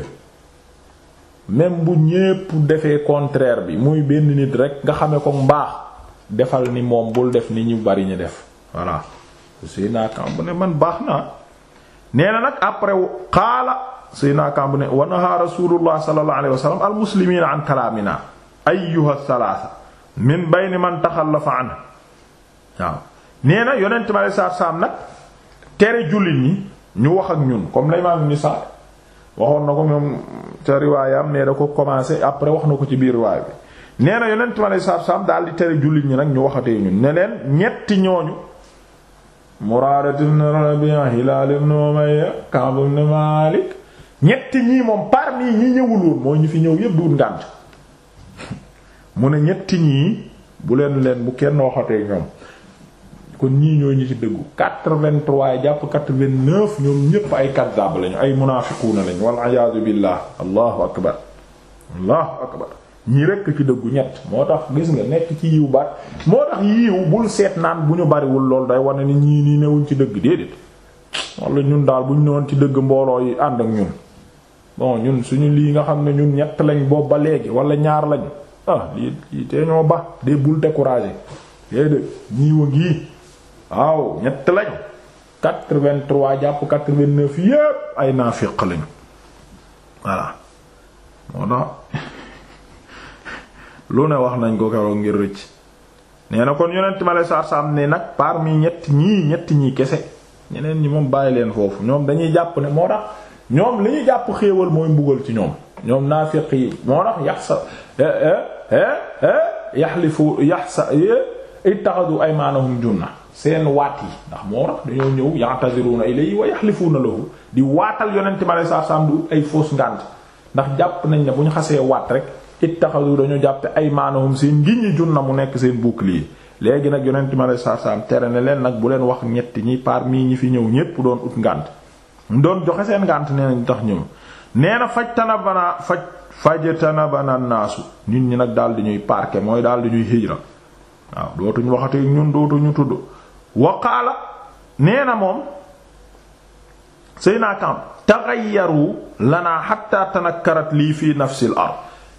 même bu ñépp defee contraire bi muy benn nit rekk nga xame ko mbaax defal ni moom bul def ni ñu bari ñu def voilà Seydina Kamb ne man baax naa nee na nag après xaala Seydina Kamb ne wa naha rasulullah sallallahu alayhi wa sallam al muslimina an kalaamina ayyuha salaasa min bayni man taxallafa an waaw nee na yonent ma lay saar saam nag tere jullit ñi ñu wax ak ñun comme la imaam ni sa waxoon na ko moom ca riwaayam ne da ko commencé après wax na ko ci biir riwaay bi nee na yonent mi aleyhi salaatu salaam daal di tere jullit ñi nag ñu waxatee ñun ne leen ñetti ñooñu Muraara ibn Rabi'a Hilaal ibn Umayya Ka'b ibn Maalik ñetti ñii moom parmi ñi ñëwul woon mooy ñi fi ñëw yépp duut ngànt mu ne ñetti ñii bu leen leen bu kenn waxatee ñoom kon ñii ñoo ñi ci dëggu quatre-vingt-trois jàpp quatre-vingt-neuf ñoom ñépp ay kaddaab lañu ay munaafiquuna lañu wal iyaadu billah allahu akbar allahu akbar ñi rekk ci dëggu ñett moo tax gis nga nekk ci yiw baat moo tax yiw bul seet naan bu ñu bariwul lool day wane ni ñii nii newuñ ci dëgg déedéet wala ñun daal bu ñu newoon ci dëgg mbooloo yi ànd ak ñun bon ñun suñu lii nga xam ne ñun ñett lañ boobu ba léegi wala ñaar lañ ah lii lii ba dee bul décourager waaw ñett lañu quatre-vingt-trois jàpp quatre-vingt-neuf yépp ay naafiq lañu voilà moo tax lu ne wax nañ ko keroog ngir rëcc nee na kon yonent ma lay saar ne nag parmi ñett ñii ñett ñii kese ñeneen ñi moom bàyyi leen foofu ñoom dañuy jàpp ne moo tax ñoom li ñu jàpp xéewal mooy mbugal ci ñoom ñoom naafiq yi moo tax yax sa eh, eh, eh, yaxlifu yax sa ittaxadu aymaanahum junna seen waat yi ndax moo tax dañoo ñëw ya'taziruna na wa yahlifuna lahu di waatal yonent bi alayhi salaam du ay foos ngànt ndax jàpp nañ ne bu ñu xasee waat rek ittaxadu dañu jàppe ay maanahum seen ngiñ ñi junna mu nekk seen bouclier léegi nag yonent bi alayhi salaam tere ne leen nag bu leen wax ñetti ñi parmi ñi fi ñëw ñépp doon ut ngànt doon joxe seen ngànt nee nañ tax ñëw nee na faj tana bana faj faj tana bana naasu nit ñi nag daal di ñuy parqué mooy daal di ñuy hijra dootuñ waxati ñun tudd wa qaala nee na moom sëy naa kamp taxayaru lanaa xatta tanakkarat lii fii nafsil ard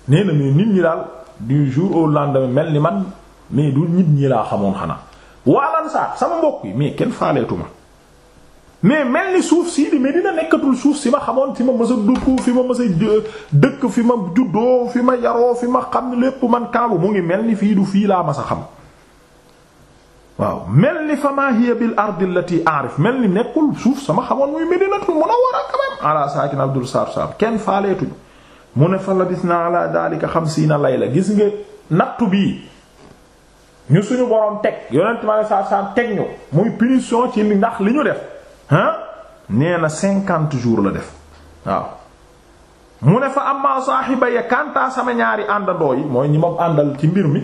nee na mais nit ñi daal du jour au lendemain mel ni man mais du nit ñi laa xamoon xanaa waa saar sama mbokk yi mais kenn faaleetuma mais mel ni suuf sii di Medina nekkatul suuf si ma xamoon fi ma mës a fi ma mës a dëkk fi ma juddoo fi ma yaroo fi ma xam lépp man kaabu mu ngi mel ni fii du fii laa mës a xam waaw mel ni fa maa hiya bil ardi allati a'rif mel ni nekkul suuf sama xamoon muy Madinatu Munawwara kamam ala sakin abdul sar sam kenn faaleetuñu mu ne fa labisna ala daalika xamsiina layla gis nga nattu bii ñu suñu boroom teg yonent ma ne sar sam teg ñu muy punition ndax li ñu def ah nee cinquante jours la def waaw mu ne fa amma saahiba ya kanta sama ñaari àndandoo yi mooy ñi ma àndal ci mbir mi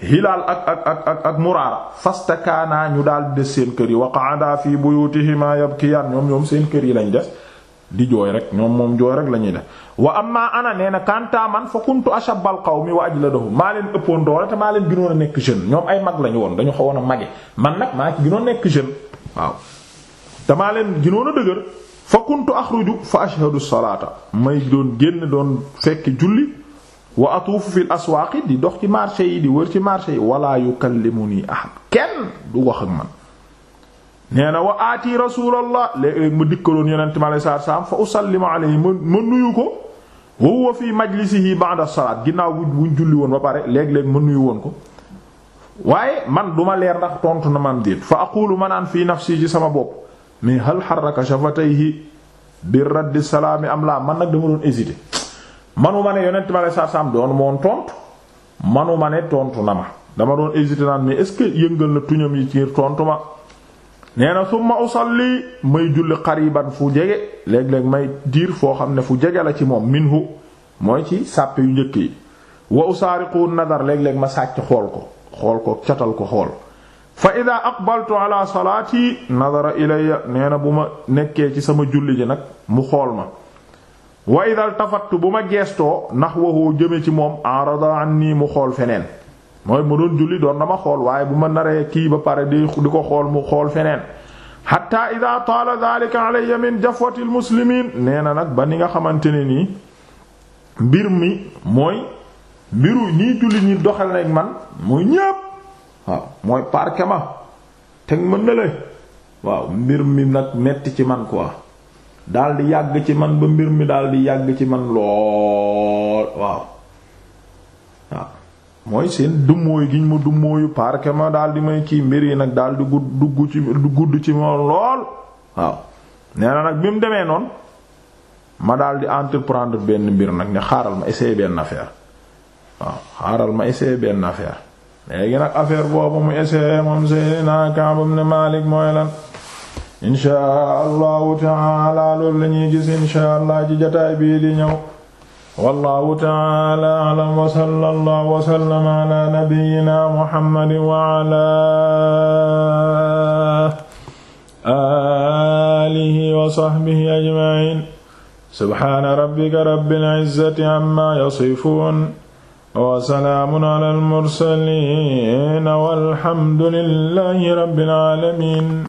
hilaal ak ak ak ak ak muraara fastakaanaa ñu daal di des seen kër yi bu wa qa'ada fi buyutihima yabkiyan ñoom ñoom seen kër yi lañ des di jooy rek ñoom moom jooy rek la ñuy def wa amma ana nee na kanta man fa kuntu ashabbal qawmi wa ajladahum maa leen ëppoon doole te maa leen gënoon a nekk jeune ñoom ay mag lañu woon dañu xawoon a mage man nag maa ci gënoon nekk jeune waaw te maa leen gënoon a dëgër fa kuntu akhruju fa ashhadu salata may doon génn doon wa atuufu fil aswaaqi di dox ci marché yi di wër ci marché yi wala yukallimuni ahad kenn du wax ak man nee na wa aati rasulallah léeg-léeg ma dikkaloon yonente mi alei satu salaam fa usallimu alayhi ma nuyu ko wa huwa fi majlisihi ba'da salaat ginnaaw buñ julli woon ba pare léeg-léeg ma nuyu woon ko waaye man duma leer ndax tontu na maam déet fa aqulu manaan fii nafsi ci sama bopp mais hal xaraka shafatayhi bi raddi salaami am laa man nag dama manuma ne yonent ma la saa doon moon tontu manuma ne tontu na ma dama doon hésiter naan mais est-ce que yëngal na tuñam yi ci ngir tontu ma nee na summa usalli may julli qariban fu jege léeg-léeg may diir foo xam ne fu jege la ci moom minhu mooy ci sàppe yu njëkk yi wa usaariqu nadar léeg-léeg ma sàcc xool ko xool ko catal ko xool fa ida aqbaltu ala salaati nadara ilayya nee na bu ma nekkee ci sama julli ji nag mu xool ma wa idal tafattu bu ma geestoo ndax waxoo jëme ci moom arada nii mu xool feneen mooy ma doon julli doon dama xool waaye bu ma naree kii ba pare di di ko xool mu xool feneen xatta ida taala dalika alayya min jafwati almuslimiin nee na nag ba ni nga xamante ne nii mbir mi mooy mbiru nii julli ñi doxal nag man muy ñépp waaw mooy parke ma teg ma nële waaw mbir mi nag metti ci man quoi daal di yàgg ci man ba mbir mi daal di yàgg ci man lool waaw waaw mooy seen dummóoy giñ ma dummóoyu parce ma daal di may kii mbir yi nag daal di gudd dugg ci du gudd ci ma lool waaw nee na nag bi mu demee noon ma daal di entreprendre benn mbir nag ne xaaral ma essayer benn affaire waaw xaaral ma essayer benn affaire léegi nag affaire boobu mu essayer moom Seydina Kaab ibn Malik mooy lan inchaa allahu taala loolu la ñuy gis inchaa allah ci jataay bii di ñëw wallahu taala alam wa sallallahu wa sallama ala nabiyyina muhammadin wa ala alihi wa sahbihi ajma'in subhana rabbika rabbil izzati amma yasifun wa salaamun ala al mursalin walhamdulillahi rabbil alamin